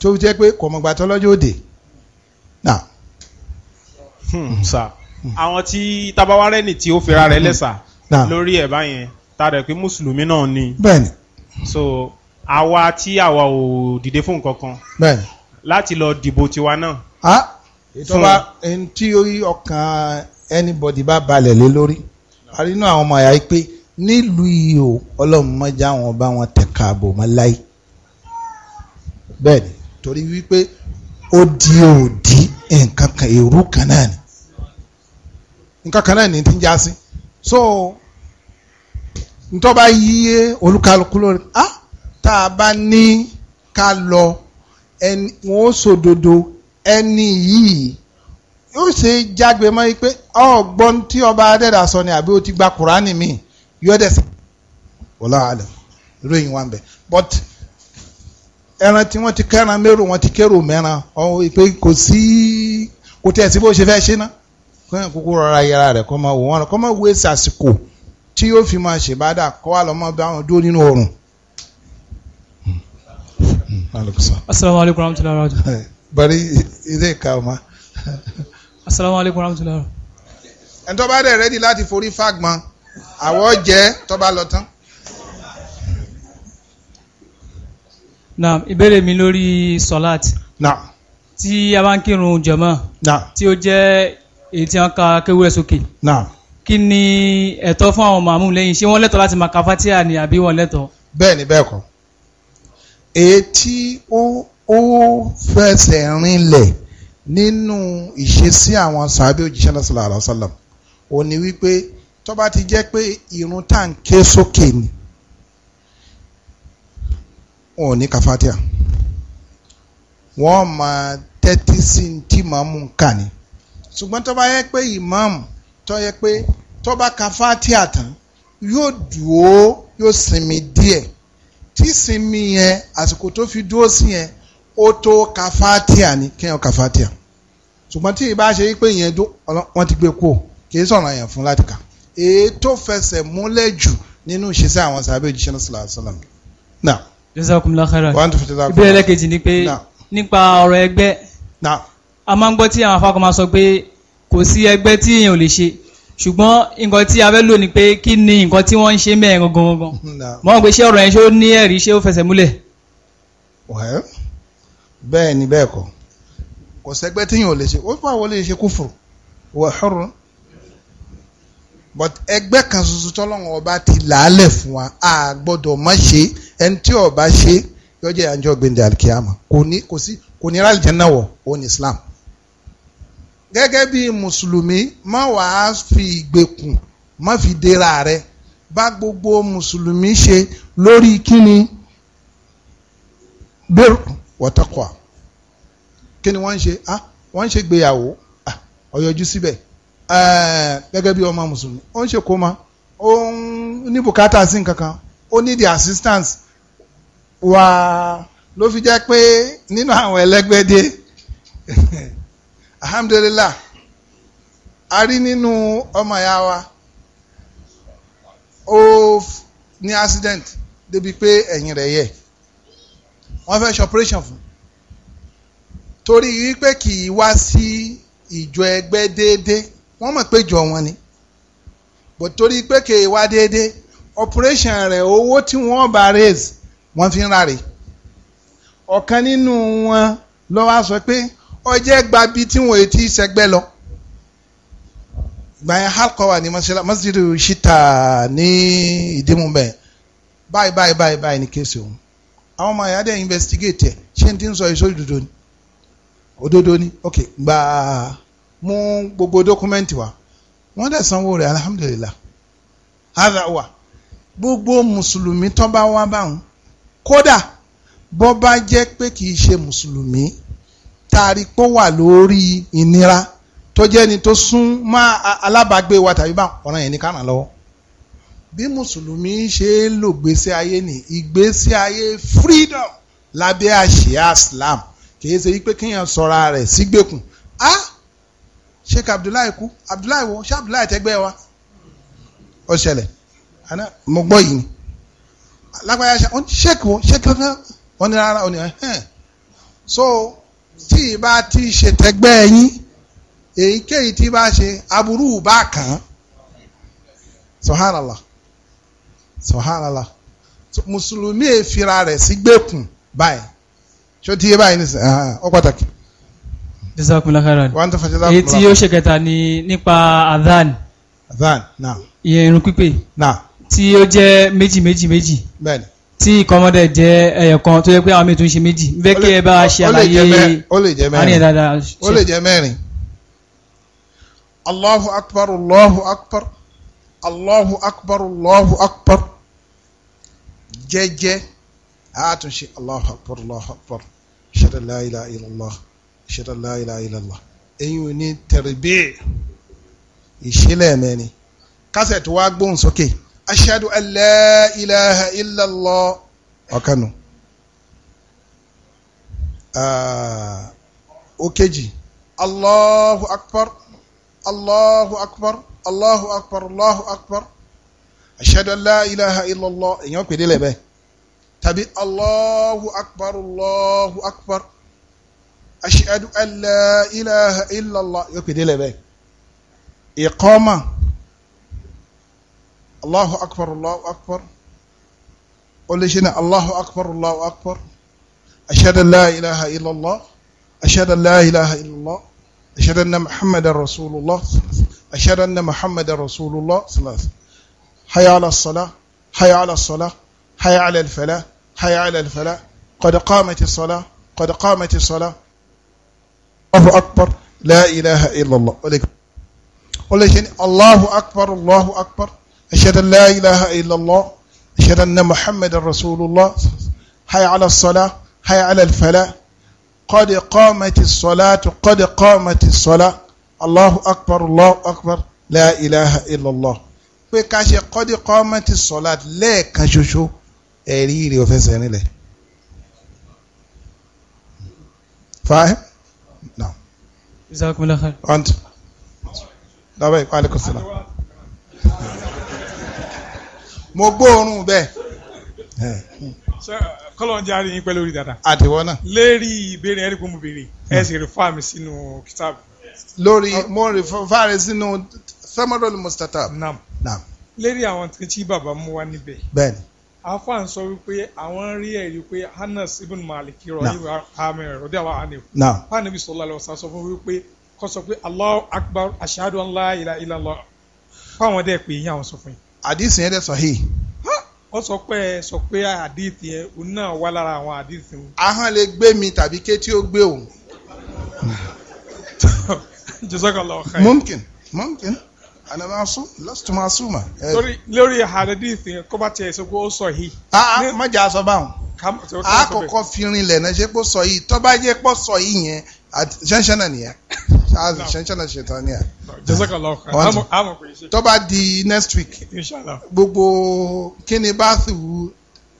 tó jẹ́ pé kò mọ̀gbà tó lọ́jọ́ òde. Hmm, àwọn tí tabawarẹ́ nì tí ó fira rẹ̀ lẹ́sà lórí ẹ̀ báyẹn tá a rẹ̀ pé mùsùlùmí náà ni. bẹ́ẹ̀ni. so àwa tí àwa ò dìde fún nǹkan kan. bẹ́ẹ̀ni. láti lọ dìbò tiwa náà. a ìtọ́ba ẹni tí orí ọkàn anybody bá balẹ̀ lé lórí a rí inú àwọn ọmọ àyà pé nílùú yìí o ọlọ́run mọ́jà wọn bá wọn tẹ̀ka àbò mọ́ láì bẹ́ẹ̀ni torí wípé ó di òdì nǹkan kan èrú kan náà ni nǹkan kan náà ni ti ń já sí so ntọ́ba yíyé olúkálukú lórí ah tá a bá ní ká lọ wọn ó sòdodo ẹni yìí yóò ṣe jágbe mọ́ pé ọgbọ́n tí ọba adẹ́dà sọ ni àbí o ti gba kùránì mi yọ́dẹ̀ sí wọ́lá àlẹ́ ròyìn wa ń bẹ̀ but ẹran tí wọ́n ti kẹ́ran mérò wọ́n ti kérò mẹ́ran ọ̀hún pé kò sí kò tẹ̀ sí bó ṣe fẹ́ ṣe ná kọ́yìn kúkú rọra yẹra rẹ̀ kọ́ máa wò wọ́n kọ́ máa wé sàsìkò tí yóò fi máa ṣèbádà kọ́ wà lọ́mọ bá wọn dúró nínú oòrùn asalaamu aleykum rahmatulahi wa rahmatulahi. bari ilé ìka ọmọ. asalaamu aleykum rahmatulahi. ẹni tó bá dẹ̀ rẹ́dí láti forí fáàgbọ́n àwọ̀ jẹ́ tó bá lọ tán. naam ìbéèrè mi lórí sọláàt. Na. tí a bá ń kírun jàmá. naam. tí ó jẹ́ èyí tí wọ́n ka kéwúrẹ́ sókè. naam. kí ni ẹ̀tọ́ fún àwọn màmú lẹ́yìn ṣé wọ́n lẹ́tọ̀ọ́ láti máa ka fatia ni àbí wọ́n lẹ́tọ̀ọ́. bẹ́ẹ̀ ni bẹ́ẹ̀ etí ó ó fẹsẹ̀ rinlẹ̀ nínú ìṣesí àwọn sàbí òjíṣẹ́ náà sallallahu alaihi wasallam ó ní wípé tó bá ti jẹ́ pé irun tá à ń ké sókè ni wọn ò ní ka fatia wọ́n máa tẹ́tí sí tí màmú ń kà ní ṣùgbọ́n tó bá yẹ pé ìmáàmù tó yẹ pé tó bá ka tán yóò dùn ó yóò sinmi díẹ̀ tí sinmi yẹn àsìkò tó fi dúró sí yẹn ó tó kàfátíà ni kéèyàn kàfátíà ṣùgbọ́n tí ìbá ṣe pé ìyẹn wọ́n ti gbé kú kì í sọ̀rọ̀ yẹn fún láti kà èyí tó fẹsẹ̀ múlẹ̀ jù nínú ìṣesẹ́ àwọn sàbẹ̀ òjíṣẹ́ náà sọ̀rọ̀ àṣọ làmì. jazakumullahu khairan ìbéèrè lẹ́kẹ̀jì ni pé nípa ọ̀rọ̀ ẹgbẹ́ a máa ń gbọ́ tí àwọn afákan máa sọ pé kò sí ẹgbẹ́ tí èèyàn ò lè ṣe ṣùgbọ́n nǹkan tí a fẹ́ lò ní pé kí ni nǹkan tí wọ́n ń ṣe mẹ́rin gangan gangan mọ́ pé ṣé ọ̀rọ̀ yẹn ṣé ó ní ẹ̀rí ṣé ó fẹsẹ̀ múlẹ̀. bẹ́ẹ̀ ni bẹ́ẹ̀ kọ́ kò sẹ́gbẹ́ tí yìí ò lè ṣe ó fà wọlé ṣe kúfùrù wà hurun but ẹgbẹ́ kan ṣoṣo tọ́lọ́run ọba ti làálẹ̀ fún wa a gbọ́dọ̀ má ṣe ẹni tí ọba ṣe yọjẹ́ àjọ gbẹ̀ndẹ̀ àlùkìyàmọ̀ kò ní kò sí kò ní rálì náà wọ̀ gẹ́gẹ́ bí mùsùlùmí má wàá fi ìgbèkùn má fi dera rẹ bá gbogbo mùsùlùmí ṣe lórí kíni bẹ́rù wọ́tọ́kọ̀ọ́ kíni wọ́n ń ṣe ah wọ́n ń ṣe gbéyàwó ah ọ̀yọ́jú síbẹ̀ eh, gẹ́gẹ́ bí ọmọ mùsùlùmí ó ń ṣe kó ma ó ń ní bùkátà sí nǹkan kan ó ní the assistance wà ló fi jẹ́ pé nínú àwọn ẹlẹ́gbẹ́dẹ́ alhamdulillah a rí nínú ọmọ ìyá wa ó ní accident débi pé ẹ̀yìn rẹ̀ yẹ̀ wọ́n fẹ́ ṣe operation fún torí wípé kì í wá sí ìjọ ẹgbẹ́ déédéé wọ́n mọ̀ pé jọ wọn ni but torí pé kì í wá déédéé operation rẹ̀ owó tí wọ́n bá raise wọ́n fi ń rà rè ọ̀kan nínú wọn ló wá sọ pé ọjẹ́ gbabi tí wọ́n ti sẹ́gbẹ́ lọ gbàyẹn halkọ ni masiru shita ni ìdímúbẹ̀ báyìí báyìí báyìí báyìí ni kéésì òun àwọn ọmọ àyà dẹ̀ investigate ẹ̀ ṣé n ti ń sọ èso òdodo ni òdodo ni ok gbà mú gbogbo dọ́kúmẹ́ǹtì wa wọ́n dẹ̀ sanwó rẹ̀ alhamdulillah hada wa gbogbo mùsùlùmí tó bá wá báwọn kódà bó bá jẹ́ pé kì í ṣe mùsùlùmí taari pó wà lórí ìnira tó jẹ́ ni tó sún mọ́ alábàágbé wa tàbí bá ọ̀ràn yẹn ní kánà lọ́wọ́ bí mùsùlùmí ṣe ń lò gbésí ayé ní ìgbésí ayé freedom lábẹ́ àṣìá islam kì í ṣe wípé kéèyàn sọra rẹ̀ sígbèkùn ah sheikh abdullahi kú abdullahi wo ṣé abdullahi tẹgbẹ́ wa ó ṣẹlẹ̀ àná mo gbọ́ yìí lágbàáyà sheikh wo sheikh kankan wọ́n ní rárá ó ní ẹ̀ so tí ìbá ti ṣètẹ́gbẹ́ yín èyíkéyìí tí bá ṣe aburú bá kàn án subhanallah subhanallah mùsùlùmí èfira rẹ̀ sí gbẹ̀kùn báyìí ṣó ti yé báyìí nísìn ọ ah, ah, pàtàkì. bisakunla karan èyí tí yóò ṣe kẹta ni nípa adhan adhan na ìyẹn irun pípé na tí ó jẹ́ méjì méjì méjì bẹ́ẹ̀ni tí kọmọdé jẹ́ ẹyọkan tó yẹ pé àwọn mi tún ṣe méjì n fẹ́ kí ẹ bá ṣe àlàyé àníyàn dáadáa ó lè jẹ́ mẹ́rin allahu akbar allahu akbar allahu akbar allahu akbar jẹ́jẹ́ àtúnṣe allahu akbar allahu akbar ṣẹlẹ la ilaha illallah ṣẹlẹ la ilaha illallah eyín ò ní tẹrẹbíì ìṣẹlẹ mẹ́rin kásẹ̀ tó wá gbóhùn sókè. Okay ashadu an la ilaha illa Allah ọ̀kanu. òkejì ah, allahu akbar allahu akbar allahu akbar allahu akbar ashadu an la ilaha illa Allah èèyàn pèdè lẹ́bẹ̀ẹ́ tàbí allahu akbar allahu akbar ashadu an la ilaha illa Allah yóò pèdè ìkọ́mà. E الله أكبر الله أكبر قل لي الله أكبر الله أكبر أشهد أن لا إله إلا الله أشهد أن لا إله إلا الله أشهد أن محمد رسول الله أشهد أن محمد رسول الله ثلاثة حي على الصلاة حي على الصلاة حي على الفلاح حي على الفلاح قد قامت الصلاة قد قامت الصلاة الله أكبر لا إله إلا الله قل لي الله الله أكبر, الله أكبر أشهد أن لا إله إلا الله أشهد أن محمد رسول الله هيا على الصلاة هيا على الفلاح قد قامت الصلاة قد قامت الصلاة الله أكبر الله أكبر لا إله إلا الله pé قد قامت الصلاة kọ́mẹ́tì sọ́láàt lẹ́ẹ̀kan ṣoṣo ẹ̀rí rẹ̀ òfẹsẹ̀ nílẹ̀. fàáhì. naam. isakumila khair. ọ̀ǹtì. dábàá ìpàdé kò mo gbóòórùn bẹ́ẹ̀. kọ́lọ̀ ń járe yín pẹ̀lú orí dada. àdìwọ́ náà. lérí ìbéèrè ẹ̀rí kò mú béèrè ẹ̀ sì rí fáàmì sínú kìtàbù. lórí mo rí fáàmì sínú samadol mustatab. naam naam. lérí àwọn tí bàbá mú wá níbẹ̀. bẹ́ẹ̀ni. afaan sọ wípé àwọn rí ẹ̀rí pé Anas ibn Malik rọ ibà hàmì rọdí àwọn àná. naam. fáànàbí sọlá lọ sá sọ fún wípé kọ́ sọ pé Allahu akbar ashhadu an la ilaha illallah fáwọn dẹ́ pé ìyá àwọn sọ fún yìí àdìsí yẹn dẹ̀ sahih. ó sọ pé ẹ sọ pé àdìsí yẹn òun náà wá lára àwọn àdìsí wọn. ahọ́n lè gbé mi tàbí ké tí ó gbé òun. jazakallahu khair. mumkin mumkin ana ma sun lastu ma sun ma. lórí lórí àdìsí yẹn kó bá tiẹ̀ sọ pé ó sahih. a má jà sọ báwọn àkọ́kọ́ fi rinlẹ̀ náà ṣe pé sọ yìí tọ́ jẹ́ pọ́ sọ yìí yẹn ṣẹ́ńṣẹ́ náà nìyẹn ṣẹ́ńṣẹ́lá ṣètàn ni à. Jazakallahu khairan àmọ̀ pé ṣe. tó bá di next week Inshallah. gbogbo kíni báàtù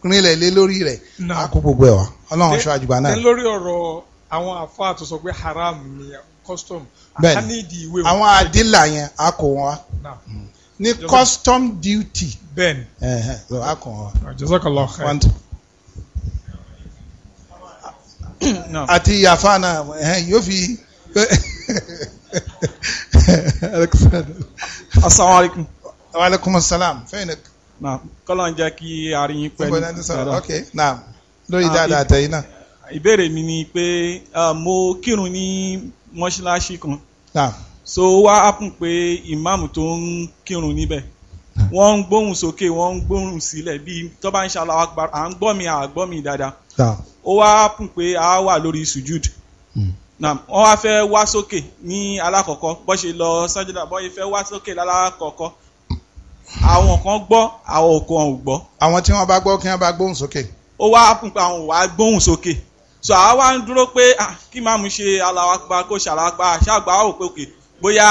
rinlẹ̀ lé lórí rẹ̀ àkó gbogbo ẹ̀ wá ọlọ́run ṣọ́ àjùgbà náà. lórí ọ̀rọ̀ àwọn àfáà tó sọ pé haram ni custom a ní ìdí ìwé òfin. àwọn àdìlà yẹn a kò wọn wá ní custom duty. bẹ́ẹ̀ni a kò wọn wá. Jazakallahu khairan eh. àti yàfa náà yóò fi. asalaamualeykum. waaleykum salaam fay nag. naam kọ́lọ́n jẹ́ kí arin yín pẹ́ ní sọ̀rọ̀ ok naam lórí ah, dáadáa tẹ̀yìn náà. mi ni pé mo kírun kan. so wá hapun pe ìmáàmù tó ń kirun níbẹ̀ wọ́n ń gbóhùn sókè wọ́n ń gbóhùn sílẹ̀ bíi tó bá ń ṣe Allahu Akbar à dáadáa. ó wá a wà lórí sujud. Hmm. naam wọ́n wá fẹ́ wá sókè ní alákọ̀ọ́kọ́ bọ́ ṣe lọ sájúdà bọ́ ṣe fẹ́ wá sókè lálákọ̀ọ́kọ́ àwọn kan gbọ́ àwọn kan ò gbọ́. àwọn tí wọ́n bá gbọ́ kí wọ́n bá gbóhùn sókè. ó wá fún pé àwọn ò wá gbóhùn sókè so àwa wá ń dúró pé ah, kí máa mú ṣe aláwàgbà kó ṣàlàgbà ṣàgbà ó pé òkè bóyá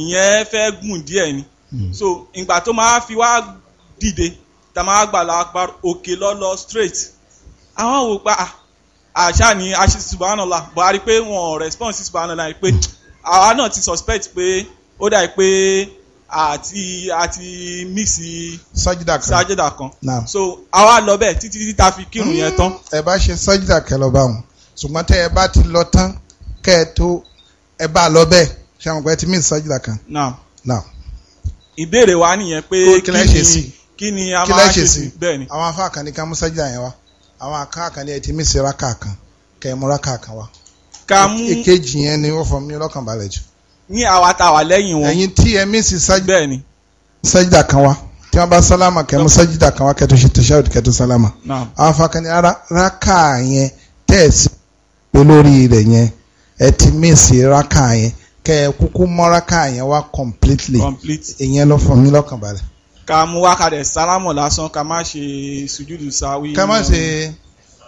ìyẹn fẹ́ gùn díẹ̀ ni hmm. so ìgbà tó máa fi wá dìde tá máa gbà láwàgbà òkè lọ́lọ́ straight àwọn wò pa àṣà ni subhanallah but a rí pé wọn response sí subhanallah pé àwa náà ti suspect pé ó dà pé àti àti mix sajida kan sajida kan nah. so àwa lọ bẹ́ẹ̀ títí títí ta fi kírun yẹn tán. Hmm, ẹ bá ṣe sajida kẹ lọ bá wọn ṣùgbọ́n tẹ ẹ bá ti lọ tán kẹ ẹ tó ẹ bá lọ bẹ́ẹ̀ ṣe àwọn ọgbẹ́ ti mix sajida kan. naam naam. ìbéèrè wa nìyẹn pé kí ni kí ni a máa ṣe sí bẹ́ẹ̀ ni. àwọn afáàkàn ni ká mú sajida yẹn wá àwọn akáàkan ní ẹ ti mí sí rákàkan kẹ ẹ mú rákàkan wá. ká e- mú èkejì yẹn ni wọ́n fọ mí lọ́kàn balẹ̀ jù. ní àwa ta wà lẹ́yìn wọn. ẹ̀yin tí ẹ mí sí sájídà kan wá tí wọ́n bá sálámà kẹ mú sájídà kan wá kẹtù tẹ̀síwájú kẹtù sálámà. àwọn afakan ní rákà yẹn tẹ̀sí olórí rẹ̀ yẹn ẹ ti mí sí rákà yẹn kẹ ẹ kúkú mọ́ rákà yẹn wá completely ìyẹn ló fọ mí lọ́kàn balẹ̀ ká mú wá ká dẹ̀ sálámọ̀ lásán ká má ṣe sùjúdù sáwí. ká má ṣe.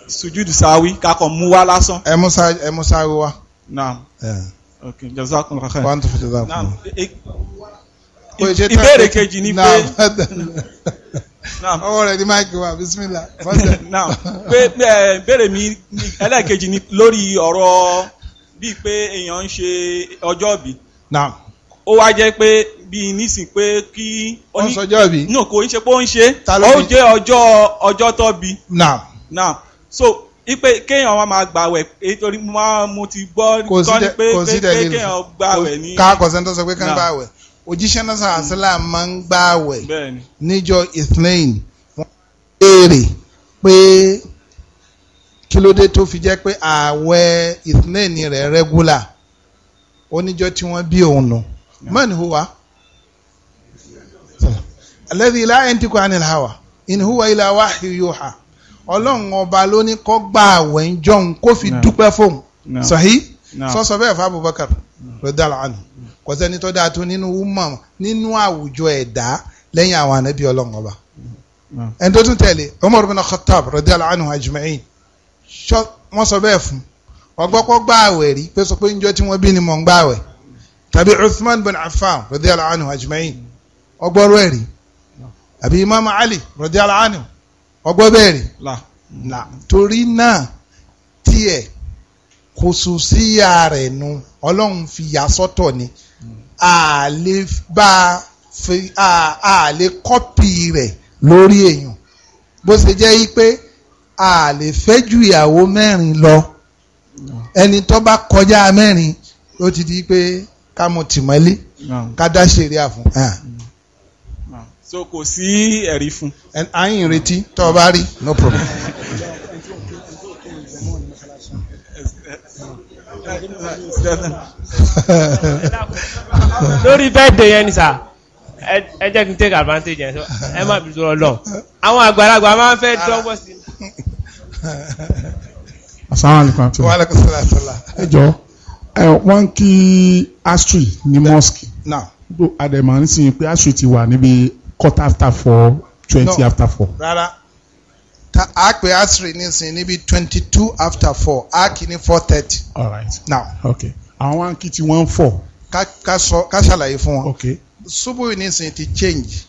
sùjúdù sáwí ká kàn mú wá lásán. ẹ mú sá ẹ mú sáwí wá. naam ok jazakum khair. wàá tó fi jazakum. naam e-, ìbéèrè kejì ni pé. naam ọwọ́ rẹ̀ ni máìkì wà bisimilá. naam pé béèrè mi ẹlẹ́ẹ̀kejì ni lórí ọ̀rọ̀ bíi pé èèyàn ń ṣe ọjọ́ bí. naam ó wá jẹ́ pé bíi nísìn pé kí. ó ń sọjọ́ bí. no kò ń ṣe pé ó ń ṣe. ta ló ní ó jẹ́ ọjọ́ ọjọ́ tó bí. na na so ipe kéèyàn wa máa gbàwẹ̀ nítorí mo ti gbọ́ kọ́ni pé kéèyàn gbàwẹ̀ ní. ká kọ̀sẹ́ tó sọ pé kán gbàwẹ̀ òjíṣẹ́ náà sàn mm. àṣìlá máa ń gbàwẹ̀ níjọ́ ethnain wọ́n béèrè pé kí ló dé tó fi jẹ́ pé ààwẹ̀ ethnain rẹ̀ regular oníjọ́ tí wọ́n bí òun nù mọ́ni hùwà alladhi la yantiqu anil hawa in huwa illa wahyu yuha ọlọ́run ọba ló ní kọ́ gba àwẹ̀ ń jọun kó fi dúpẹ́ fóun sọ̀hí sọ́sọ bẹ́ẹ̀ fún Abubakar radiyallahu anhu kò sẹ́ni tó dáa tó nínú umar nínú àwùjọ ẹ̀dá lẹ́yìn àwọn ànábì ọlọ́run ọba ẹni tó tún tẹ̀lé Umar bin Khattab radiyallahu anhu ajma'in wọ́n sọ bẹ́ẹ̀ fún ọgbọ́pọ̀ gba àwẹ̀ rí pé sọ pé njọ́ tí wọ́n bí ni mò ń gba àwẹ̀ tàbí Uthman bin Affan radiyallahu anhu ajma'in ọgbọ́rọ̀ ẹ̀rí àbí imam ali radiyallahu anhu ọgbọ́n bẹ́ẹ̀rẹ̀ là torí náà tiẹ̀ kò sùn síyà rẹ̀ nu ọlọ́run fi yà sọ́tọ̀ ni a lè bá a lè kọ́pì rẹ̀ lórí èèyàn bó ṣe jẹ́ yí pé a lè fẹ́ ju ìyàwó mẹ́rin lọ ẹni tó bá kọjá mẹ́rin ó ti di pé ká mo tì mọ́lé ká dá ṣeré àfún so kò sí ẹ̀rí fún. à ń retí tọ́ ọ bá rí no problem. lórí bẹ́ẹ̀dẹ̀ yẹn ni sà ẹ jẹ́ kí n take advantage yẹn ẹ má bìí sọ̀rọ̀ lọ àwọn àgbàlagbà máa ń fẹ́ dọ́gbọ́ sí. asalaamualeykum ati. wa aleykum salaam salaam. ẹ jọ ẹ wọn kí astri ní mosque. náà. adẹ̀mọ̀ nísìnyí pé astri ti wà níbi quarter after four twenty no, after four. rárá a pè asiri nísìn níbi twenty two after four a kì ní four thirty. all right now. okay àwọn ankí ti one four. ká ká sọ ká ṣàlàyé fún wọn. okay. subu nísìn ti change.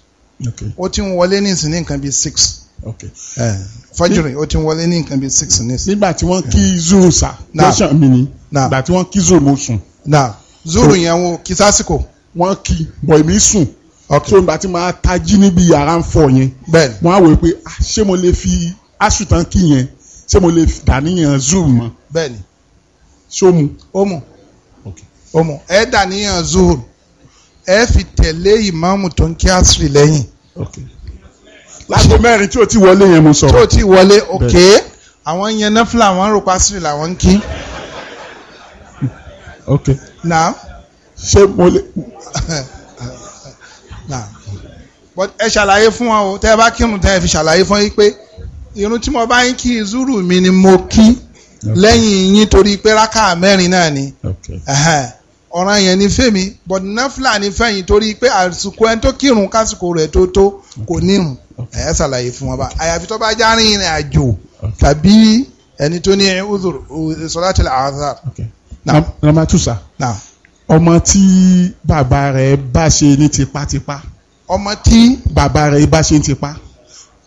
okay. ó ti ń wọlé nísìn ní nǹkan bíi six. okay. Uh, fajiri ó ti ń wọlé ní nǹkan bíi six nísìn. nígbà tí wọ́n kí zuru sa. na lọ́sàn mi ni. na nígbà tí wọ́n kí zuru mo sùn. na zuru yẹn wo kí sásìkò. wọ́n kí bọ̀ èmi sùn ọ̀kẹ́ òǹgbà tí máa tají níbi yàrá ń fọ yẹn wọ́n á wò pé ah, ṣé mo lè fi aṣùtàn kí yẹn ṣé mo lè dàníyàn zoom mọ́ bẹ́ẹ̀ni ṣó mu. ó mu ó mu ẹ dàníyàn zoom ẹ fi tẹ̀lé ìmáàmù tó ń kí àṣírí lẹ́yìn. láago mẹ́rin tí o ti wọlé yẹn mo sọ. tí o ti wọlé òkè àwọn yẹn náà wọn rò pa àṣírí làwọn ń kí. ok. now. ṣé mo lè. but ẹ ṣàlàyé fún wọn o tẹ́ ẹ bá kírun tẹ́ ẹ fi ṣàlàyé fún yín pé irun tí mo bá ń kí zuru mi ni mo kí lẹ́yìn yín torí pé rákà mẹ́rin náà ni ọ̀ràn yẹn ni fẹ́mi but nafla ni fẹ́yìn torí pé àsìkò ẹni tó kírun kásìkò rẹ̀ tó tó kò nírun ẹ ṣàlàyé fún wọn bá àyàfi tó bá já rìn ìrìn àjò tàbí ẹni tó ní uzur sọlá tilẹ̀ azhar. nàmàtúsà ọmọ tí bàbá rẹ̀ bá ṣe ní tipátipá. ọmọ tí. bàbá rẹ̀ bá ṣe ní tipá.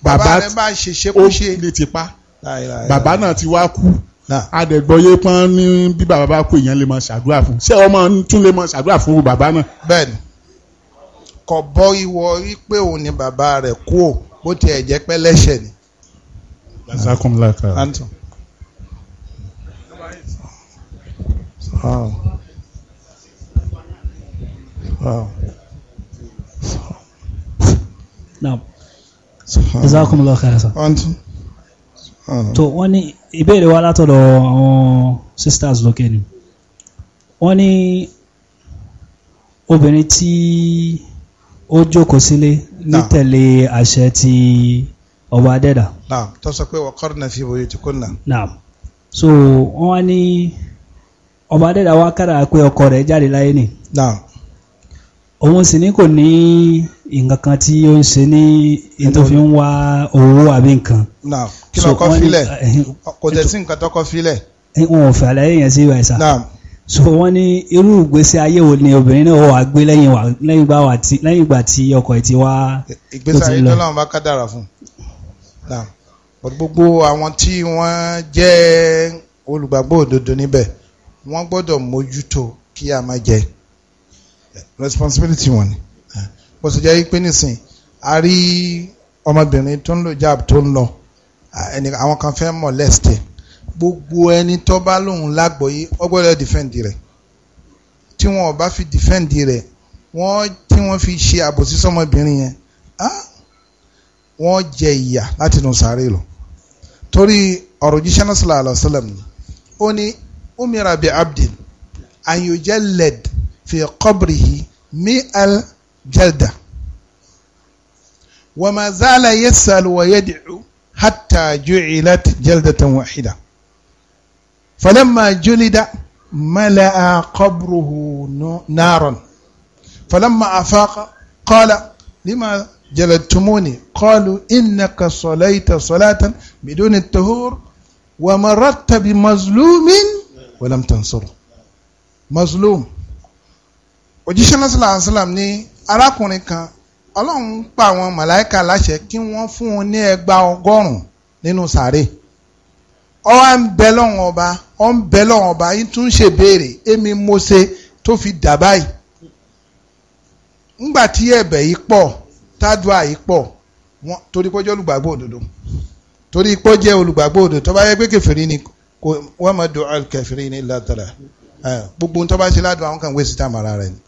bàbá rẹ̀ bá ṣe ṣekúṣe. ó ní tipá. bàbá náà ti wá kú. adẹ̀gbọ́yé pọ́n ní bí bàbá bá kú èèyàn lè máa ṣàdúrà fún. ṣé ọmọ tún lè máa ṣàdúrà fún bàbá náà. bẹ́ẹ̀ni kò bọ́ ìwọ rí pé òun ni bàbá rẹ̀ kú ò bó tiẹ̀ jẹ́ pé lẹ́ṣẹ̀ ni. lasakunlaka. Wow. Naam. Jazakumullahu khairan sir. Antum. tó wọ́n ní ìbéèrè wa látọ̀dọ̀ àwọn sisters lókè ni wọ́n ní obìnrin tí ó jókòó sílé nítẹ̀lé àṣẹ ti ọba adẹ́dà. naam tó sọ pé waqarna fi buyutikunna. naam so wọ́n wá ní ọba adẹ́dà wá kára pé ọkọ rẹ̀ jáde láyé ni òun sì ní kò ní nǹkan kan tí ó ń ṣe ní ètò fi ń wá owó àbí nǹkan. kí ló kọ́ filẹ̀ kò tẹ̀ sí nǹkan tó kọ́ filẹ̀. wọn ò fẹ́ àlàyé yẹn sí ìwà ìsà. so wọ́n ní irú ìgbésí ayé wo ni obìnrin náà wà gbé lẹ́yìn ìgbà tí ọkọ ẹ̀ ti wá. ìgbésí ayé tó lọ́wọ́ bá kádàrà fún un. gbogbo àwọn tí wọ́n jẹ́ olùgbàgbọ́ òdodo níbẹ̀ wọ́n gbọ́dọ̀ mójútó kí a máa jẹ responsibility wọn ni bó ṣe jẹ́ pé nísìn a rí ọmọbìnrin tó ń lò jab tó ń lọ àwọn kan fẹ́ molest gbogbo ẹni tó bá lóun lágbọ̀ọ́yé ọgbọ́dọ̀ defend rẹ̀ tí wọn ò bá fi defend rẹ̀ wọ́n tí wọ́n fi ṣe àbòsí sọmọbìnrin yẹn wọ́n jẹ ìyà láti nù sáré lọ torí ọ̀rọ̀ jíṣẹ́ náà sallallahu alaihi wasallam ni ó ní umira bi abdin an yujalad في قبره مئة جلدة وما زال يسأل ويدعو حتى جعلت جلدة واحدة فلما جلد ملأ قبره نارا فلما أفاق قال لما جلدتموني قالوا إنك صليت صلاة بدون الطهور ومرت بمظلوم ولم تنصره مظلوم òjíṣẹ́ lọ́sọ̀lá àṣàlám ní arákùnrin kan ọlọ́run pa àwọn màláìka láṣẹ kí wọ́n fún un ní ẹgbà ọgọ́rùn-ún nínú sàárè ó wá ń bẹ lọ́wọ́n ọba ó ń bẹ lọ́wọ́n ọba yín tún ṣe béèrè èmi mo ṣe tó fi dà báyìí ńgbà tí ẹ̀bẹ̀ yìí pọ̀ tádùá yìí pọ̀ torí pé ó jẹ́ olùgbàgbọ́ òdodo torí pé ó jẹ́ olùgbàgbọ́ òdodo tó bá yẹ pé kẹfìrí ni wọ́n mọ̀ dùn kẹfìrí ni látara gbogbo ohun tó bá ṣe ládùn àwọn kan wé sí tàmàrà rẹ̀ ni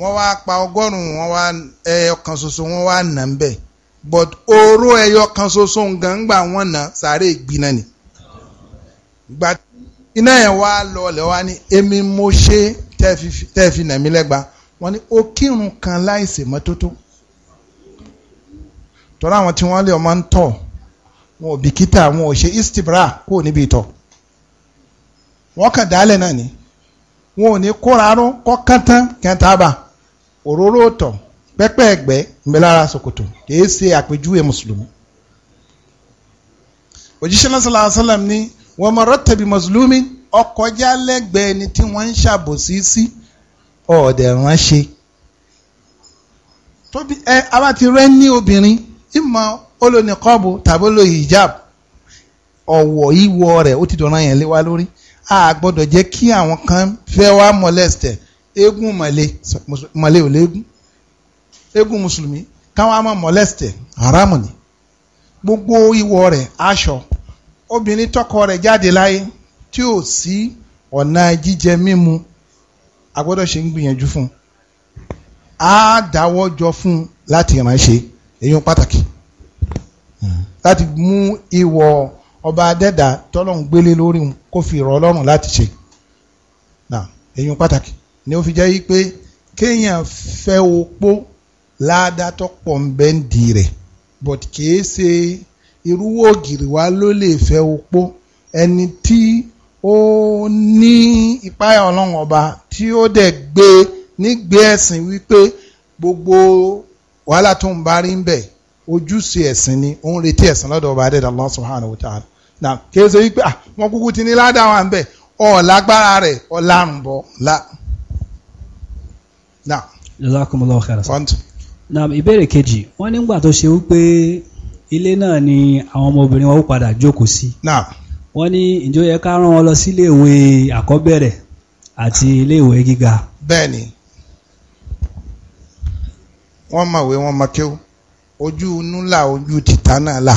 wọ́n wá pa ọgọ́rùn-ún wọ́n wá ẹyọ kan ṣoṣo wọ́n wá nà ń bẹ̀ but oró ẹyọ kan ṣoṣo gbàngbà wọ́n nà sáré ìgbiná ni gbà iná yẹn wá lọlẹ̀ wá ní èmi mo ṣe tẹ́ fi nà mí lẹ́gba wọ́n ní ó kírun kan láìsè mọ́tótó tọ́lá àwọn tí wọ́n lé ọmọ ń tọ̀ wọn ò bìkítà wọn ò ṣe istibra kó níbi ìtọ̀ wọ́n kàn dálẹ̀ náà ni wọn ò ní kóra rún kọ́kán tán kẹntaba òróró ọ̀tọ̀ pẹ́pẹ́ ẹ̀gbẹ́ ńbẹ́lára ṣòkòtò kìí ṣe àpèjúwe mùsùlùmí. òjíṣẹ́ náà sọ̀rọ̀ àṣàlám ní wọ́n mọ̀ rọ́tẹ̀bí mùsùlùmí ọkọjá lẹ́gbẹ̀ẹ́ ẹni tí wọ́n ń ṣàbòsí sí ọ̀ọ́dẹ̀ ránṣẹ́. tóbi ẹ abá ti rẹ́ ní obìnrin ìmọ̀ olónìkọ́bù tàbí olóyìí hijab ọ̀wọ̀ ìwọ rẹ̀ ó ti dọ̀ràn yẹn lé wa lórí a gbọ́dọ̀ jẹ́ kí àwọn kan fẹ́ wá molested eégún mọ̀lẹ́ mọ̀lẹ́ ò léégún eégún mùsùlùmí káwọn á mọ̀ molested haramu ni gbogbo ìwọ rẹ̀ aṣọ obìnrin tọkọ rẹ̀ jáde láyé tí ò sí ọ̀nà jíjẹ mímu a gbọ́dọ̀ ṣe ń gbìyànjú fún un á dáwọ́ jọ fún un láti ránṣẹ́ èyí pàtàkì láti mú ìwọ ọba adẹ́dà tọ́lọ́hún gbélé lórí wọn kó fi rọ̀ ọlọ́run láti ṣe èyàn pàtàkì ni ó fi jẹ́ yí pé kéèyàn fẹ́ opó ládàtọ̀ pọ̀ ń bẹ́ ń di rẹ̀ but kìí ṣe irú ògiri wa ló lè fẹ́ opó ẹni tí ó ní ìpáyà ọlọ́run ọba tí ó dẹ̀ gbé nígbé ẹ̀sìn wípé gbogbo wàhálà tó ń bá rí ń bẹ̀ ojúṣe ẹ̀sìn ni ó ń retí ẹ̀sìn lọ́dọ̀ ọba adẹ́dàá Allah subhanahu wa ta'ala nà kéésọ yìí pé à wọ́n kúkú ti ní ládàá wà ń bẹ̀ ọ̀làgbára rẹ̀ ọ̀làǹbọ̀ la. jazakumullahu khairan. naam ìbéèrè kejì wọ́n nígbà tó ṣe wípé ilé náà ni àwọn ọmọbìnrin wọn ó padà jókòó sí. wọ́n ní ìjọ yẹ ká rán wọn lọ sí iléèwé àkọ́bẹ̀rẹ̀ àti iléèwé gíga. bẹ́ẹ̀ni wọ́n mọ̀wé wọn mọ̀ kéwú ojú inú là ojú tìta náà là.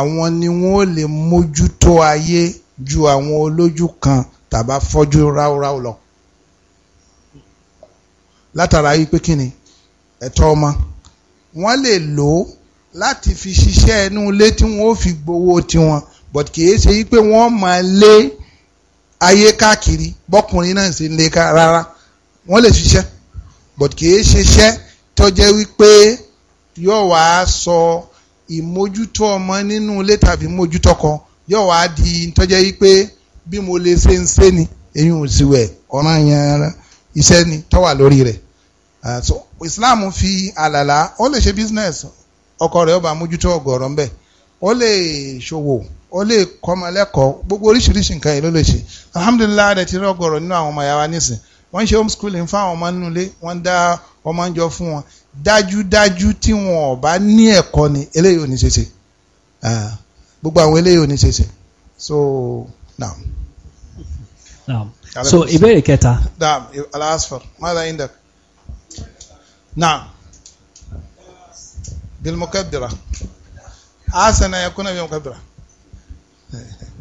àwọn ni wọ́n lè mójútó ayé ju àwọn olójú kan tàbá fọ́jú ráúráú lọ látara yìí pé kíni ẹ̀tọ́ ọmọ wọ́n lè lò ó láti fi ṣiṣẹ́ ẹnu ilé tí wọ́n ó fi gbowó tiwọn but kì í ṣe yí pé wọ́n máa lé ayé káàkiri bọ́kùnrin náà sì ń lé rárá wọ́n lè ṣiṣẹ́ but kì í ṣiṣẹ́ tó jẹ́ wípé yóò wá sọ. So, ìmójútó ọmọ nínú ilé tàbí mójútó kan yóò wá di tọ́jẹ́ yí pé bí mo lè ṣe ń ṣe ni èyí ò sì wẹ̀ ọ̀ràn yẹn iṣẹ́ ni tó wà lórí rẹ̀ so Islam fi àlàlà ó lè ṣe business ọkọ rẹ̀ ó bá mójútó ọgọ̀rọ̀ ńbẹ̀ ó lè ṣòwò ó lè kọ́mọ lẹ́kọ̀ọ́ gbogbo oríṣiríṣi nǹkan yìí ló lè ṣe alhamdulilayi rẹ̀ ti rí ọgọ̀rọ̀ nínú àwọn ọmọ ìyá nísìn wọ́n ń ṣe homeschooling fún àwọn ọmọ nínú ilé wọ́n ń dá ọmọ ń fún wọn dájúdájú tí wọn ò bá ní ẹ̀kọ́ ni eléyìí ò ní ṣe ṣe gbogbo àwọn eléyìí ò ní ṣe ṣe so now. Naam. So ìbéèrè kẹta. Naam, al-asfar. Mada indak? Naam. Bil mukaddira. Asana yakuna bil mukaddira.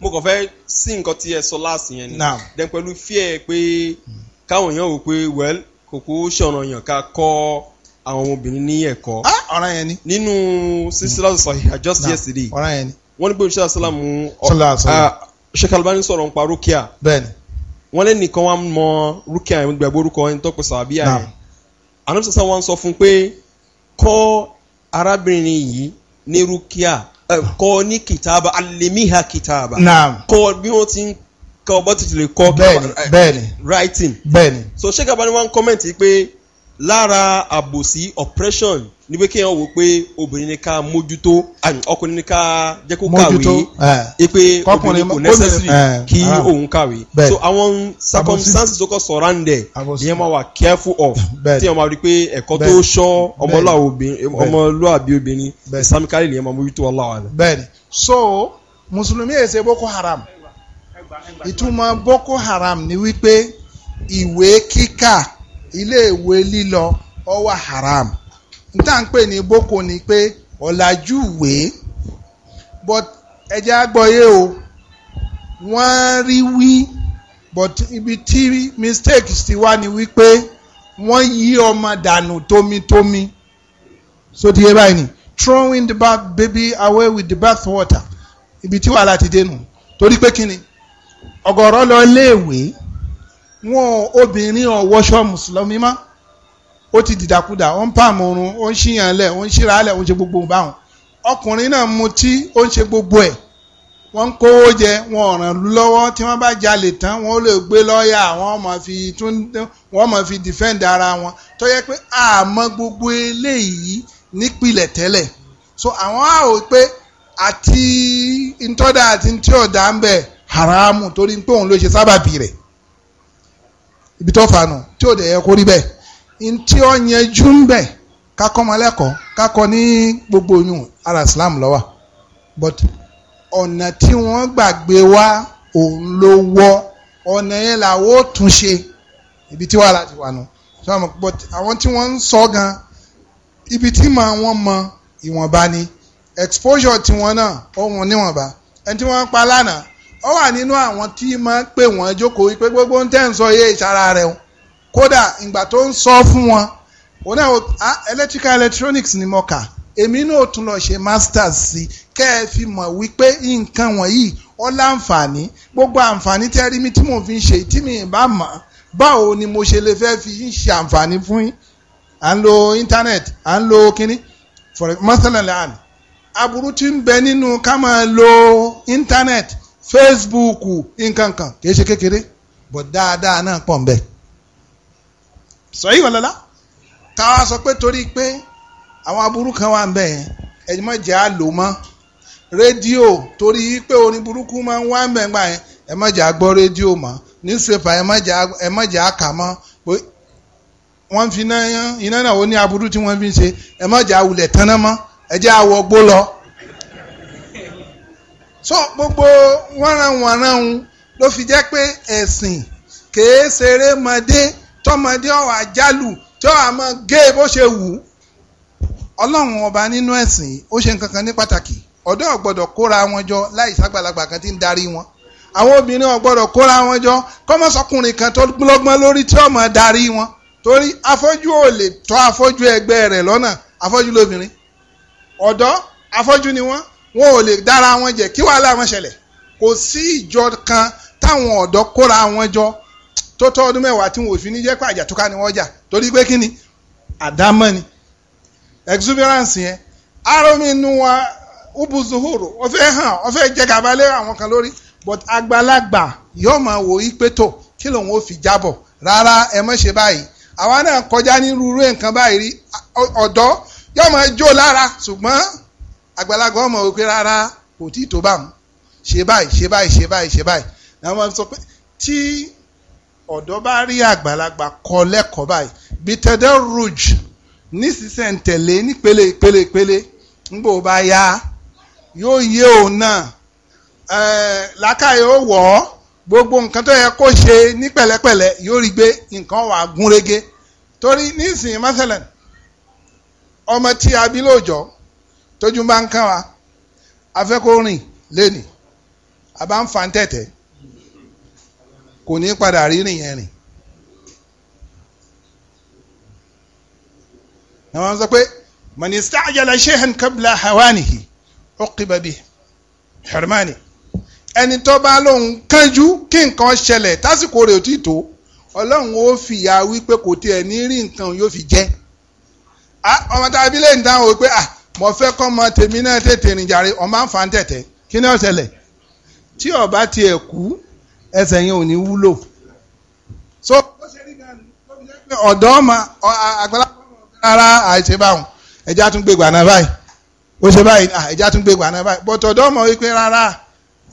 mo kàn fẹ́ sí nǹkan tí ẹ sọ láàsì yẹn ni then pẹ̀lú fíẹ̀ pé káwọn èèyàn wò pé well kòkó ṣọ̀ràn yàn ká kọ́ àwọn ọmọbìnrin ní ẹ̀kọ́. Ah, ọ̀rọ̀ yẹn ni. nínú sísílá hmm. sọ̀hìn just yesterday. ọ̀rọ̀ yẹn ni. wọ́n ní pé olùṣẹ́ àṣàlámù ah, Sheikh Albani sọ̀rọ̀ ń pa rúkìá. bẹ́ẹ̀ni. wọ́n lé nìkan wá mọ rúkìá yẹn gbàgbé orúkọ ẹni tó pèsè àbíyá yẹn. àná sísan wọn sọ fún pé kọ́ arábìnrin yìí ní rúkìá kọ́ ní kìtàbà alimiha kìtàbà. naam kọ́ bí wọ́n ti ń kọ́ bó ti lè kọ́. bẹ́ẹ̀ni bẹ́ẹ̀ni writing. bẹ́ẹ̀ni. so ṣé kábàánì wọn kọ́mẹ̀ntì pé lára àbòsí oppression ní pé kéèyàn wò pé obìnrin ni ká mójútó ọkùnrin ni ká jẹ́ kó kàwé é pé obìnrin kò necessary kí ah, òun kàwé so àwọn circumstances tó kọ́ surround ẹ̀ ìyẹn máa wà careful of tí wọ́n máa rí pé ẹ̀kọ́ tó ṣọ́ ọmọlúwàbí obìnrin islamically ìyẹn máa mójútó ọláwà rẹ̀. bẹ́ẹ̀ni so mùsùlùmí ẹ̀ boko haram ìtumọ̀ boko haram ni wípé ìwé kíkà ilé ìwé lílọ ó haram níta ń pè ní boko ni pé ọ̀làjú ìwé but ẹ̀jẹ̀ àgbọ̀yé o wọ́n rí wí but ibi tí mistake ti wá ni wípé wọ́n yí ọmọ dànù tómitómi so ti yé báyìí ni throwing the bath baby away with the bath water ibi tí wàhálà ti dé nù torí pé kí ni ọ̀gọ̀rọ̀ lọ léèwé wọn obìnrin ọ̀wọ́ṣọ́ mùsùlùmí máa. ó ti dìdàkudà ó ń pààmù oorun ó ń ṣìyàn ó ṣe gbogbo báwọn ọkùnrin náà tí ó ń ṣe gbogbo ẹ̀ wọ́n ń jẹ wọn ò ràn lọ́wọ́ tí wọ́n bá jalè tán wọ́n lè gbé lọ́ọ̀yà wọ́n fi tún wọ́n fi ara wọn tó yẹ pé àmọ́ so àwọn pé àti ntọ́dà àti ntí ọ̀dà haramu torí pé òun ló ṣe sábàbí ibi tó fanu, tí ò dẹ̀ yẹ ntí ọ yẹjú ń bẹ̀ kakọ́ mọ́lẹ́kọ̀ọ́ kakọ́ ní gbogbo oyún ara Islam lọ́wọ́ but ọ̀nà tí wọ́n gbàgbé wá òun ló wọ́ ọ̀nà yẹn làwọn ò tún ṣe ibi tí wàhálà ti wà nù but àwọn tí wọ́n ń sọ gan ibi tí màá wọ́n mọ ìwọ̀nba ni exposure tiwọn náà ọ̀hún níwọ̀nba ẹni tí wọ́n ń pa lánàá ọ wà nínú àwọn tí máa pè wọ́n jókòó pé gbogbo ń tẹ̀ ń sọ yé ìsara rẹ̀ o kódà ìgbà tó ń sọ fún wọn òun náà electrical electronics ni mo kà èmi náà tún lọ ṣe masters sí kẹ́ ẹ fi mọ̀ wípé nǹkan wọ̀nyí ó láǹfààní gbogbo àǹfààní tẹ́ rí mi tí mò ń fi ṣe tí mi bá mọ̀ báwo ni mo ṣe lè fẹ́ fi ń ṣe àǹfààní fún yín à ń lo internet à ń lo kínní for masalan lan aburú ti ń bẹ nínú ká máa lo internet facebook nǹkan kan kì í ṣe kékeré but dáadáa náà pọ̀ ń bẹ́ẹ̀. sọyí wàlọ́lá ká wá sọ pé torí pé àwọn aburú kan wà ń bẹ̀ yẹn ẹ̀yin mọ̀ jẹ́ àlò mọ́ rédíò torí pé orin burúkú máa ń wá ń bẹ̀ gbà yẹn ẹ má jẹ́ àgbọ́ rédíò mọ́ newspaper ẹ má jẹ́ àkà mọ́ pé wọ́n fi iná náà ó ní aburú tí wọ́n fi ń ṣe ẹ má jẹ́ àwùlẹ̀ tánná mọ́ ẹ jẹ́ àwọ̀ gbó lọ. so gbogbo wọ́nranwọ̀nranwọ̀n ló fi jẹ́ pé ẹ̀sìn kèé ṣeré mọ́dé tọmọdé ọwọ àjálù tí ọwọ àmọ gé bó ṣe wù ú ọlọ́run ọba nínú ẹ̀sìn ó ṣe nǹkan kan ní pàtàkì ọ̀dọ́ ò gbọ́dọ̀ kóra wọn jọ láì ságbàlagbà kan tí ń darí wọn àwọn obìnrin ò gbọ́dọ̀ kóra wọn jọ kọ́mọ́sọkùnrin kan tó lọ́gbọ́n lórí tí ọmọ darí wọn torí afọ́jú ò lè tọ́ afọ́jú ẹgbẹ́ rẹ̀ lọ́nà afọ́jú lóbìnrin ọ̀dọ́ afọ́jú ni wọ́n wọn ò lè dára wọn jẹ kí wàhálà wọn ṣẹlẹ̀ kò sí ìjọ kan táwọn ọ̀dọ́ kóra wọn jọ tó tọ́ ọdún mẹ́wàá tí wọn ò fi ní jẹ́ pé àjàtúká ni wọ́n jà torí pé kí ni àdámọ́ ni exuberance yẹn aromi nu wa ubu zuhuru ó fẹ́ hàn ó fẹ́ jẹ gàba lé àwọn kan lórí but àgbàlagbà yóò máa wò í pé tó kí lòun ó fi jábọ̀ rárá ẹ mọ̀ ṣe báyìí àwa náà kọjá ní rúurú nǹkan báyìí rí ọ̀dọ́ yóò máa jó lára ṣùgbọ́n àgbàlagbà ọmọ òkè rárá kò tí ì tó bá mu ṣe báyìí ṣe báyìí ṣe báyìí ṣe báyìí làwọn sọ pé tí ọ̀dọ́ bá rí àgbàlagbà kọ lẹ́kọ̀ọ́ báyìí bitẹ́dẹ́ rouge ní sísẹ̀ntẹ̀lé nípele ìpele ìpele ńgbò bá yá yóò yé òun náà làákàyè ó wọ̀ ọ́ gbogbo nǹkan tó yẹ kó ṣe ní pẹ̀lẹ́pẹ̀lẹ́ yóò rí gbé nǹkan wà gúnrégé torí ọmọ tí a bí lóòjọ́ tójú bá wa afẹ́kọ́ rìn ń fa kò ní padà rírìn yẹn rìn. àwọn àwọn sọ pé man ista'jala shay'an qabla hawanihi uqiba bihi hurmani ẹni tó bá lóun kánjú kí nǹkan ṣẹlẹ̀ tásìkò rẹ̀ ò tí tó ọlọ́run ó fìyà wípé kò tiẹ̀ ní rí nǹkan yóò fi jẹ́ ọmọ tá a fi lè dáhùn wípé ah mo fẹ́ kọ́ ọmọ tèmi náà tètè rìn jàre ọmọ àǹfààní tẹ̀tẹ̀ kí ni ó ṣẹlẹ̀ tí ó tiẹ̀ kú ẹsẹ̀ yẹn ò ní wúlò so ọ̀dọ́ ọmọ àgbàlagbà rárá àìṣe báwọn ẹja tún gbégbà náà báyìí ó ṣe báyìí ẹja tún gbégbà náà báyìí bọ́tọ̀ ọ̀dọ́ ọmọ wípé rárá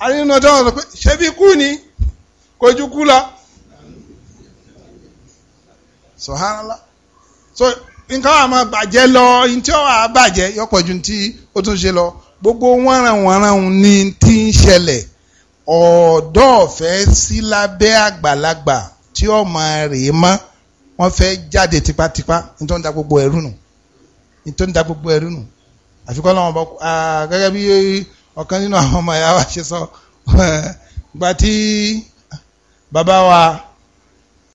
àrínú ọjọ́ pé ṣé bí kú ni kò kú lọ so nǹkan wà máa bàjẹ́ lọ ntí ọ̀ bàjẹ́ yọpọ̀ ju ntí ó tún ṣe lọ gbogbo wọ́nràn wọ́nràn ni ti ń ṣẹlẹ̀ ọ̀dọ́ ọ̀fẹ́ sí lábẹ́ àgbàlagbà tí ọmọ rẹ̀ mọ́ wọ́n fẹ́ jáde tipátipá nítorí da gbogbo ẹ̀rú nù nítorí da gbogbo ẹ̀rú nù àfikún ọlọ́wọ́n bọ́ gẹ́gẹ́ bí ọ̀kan nínú àwọn ọmọ ìyá wa ṣe sọ gbà tí bàbá wa.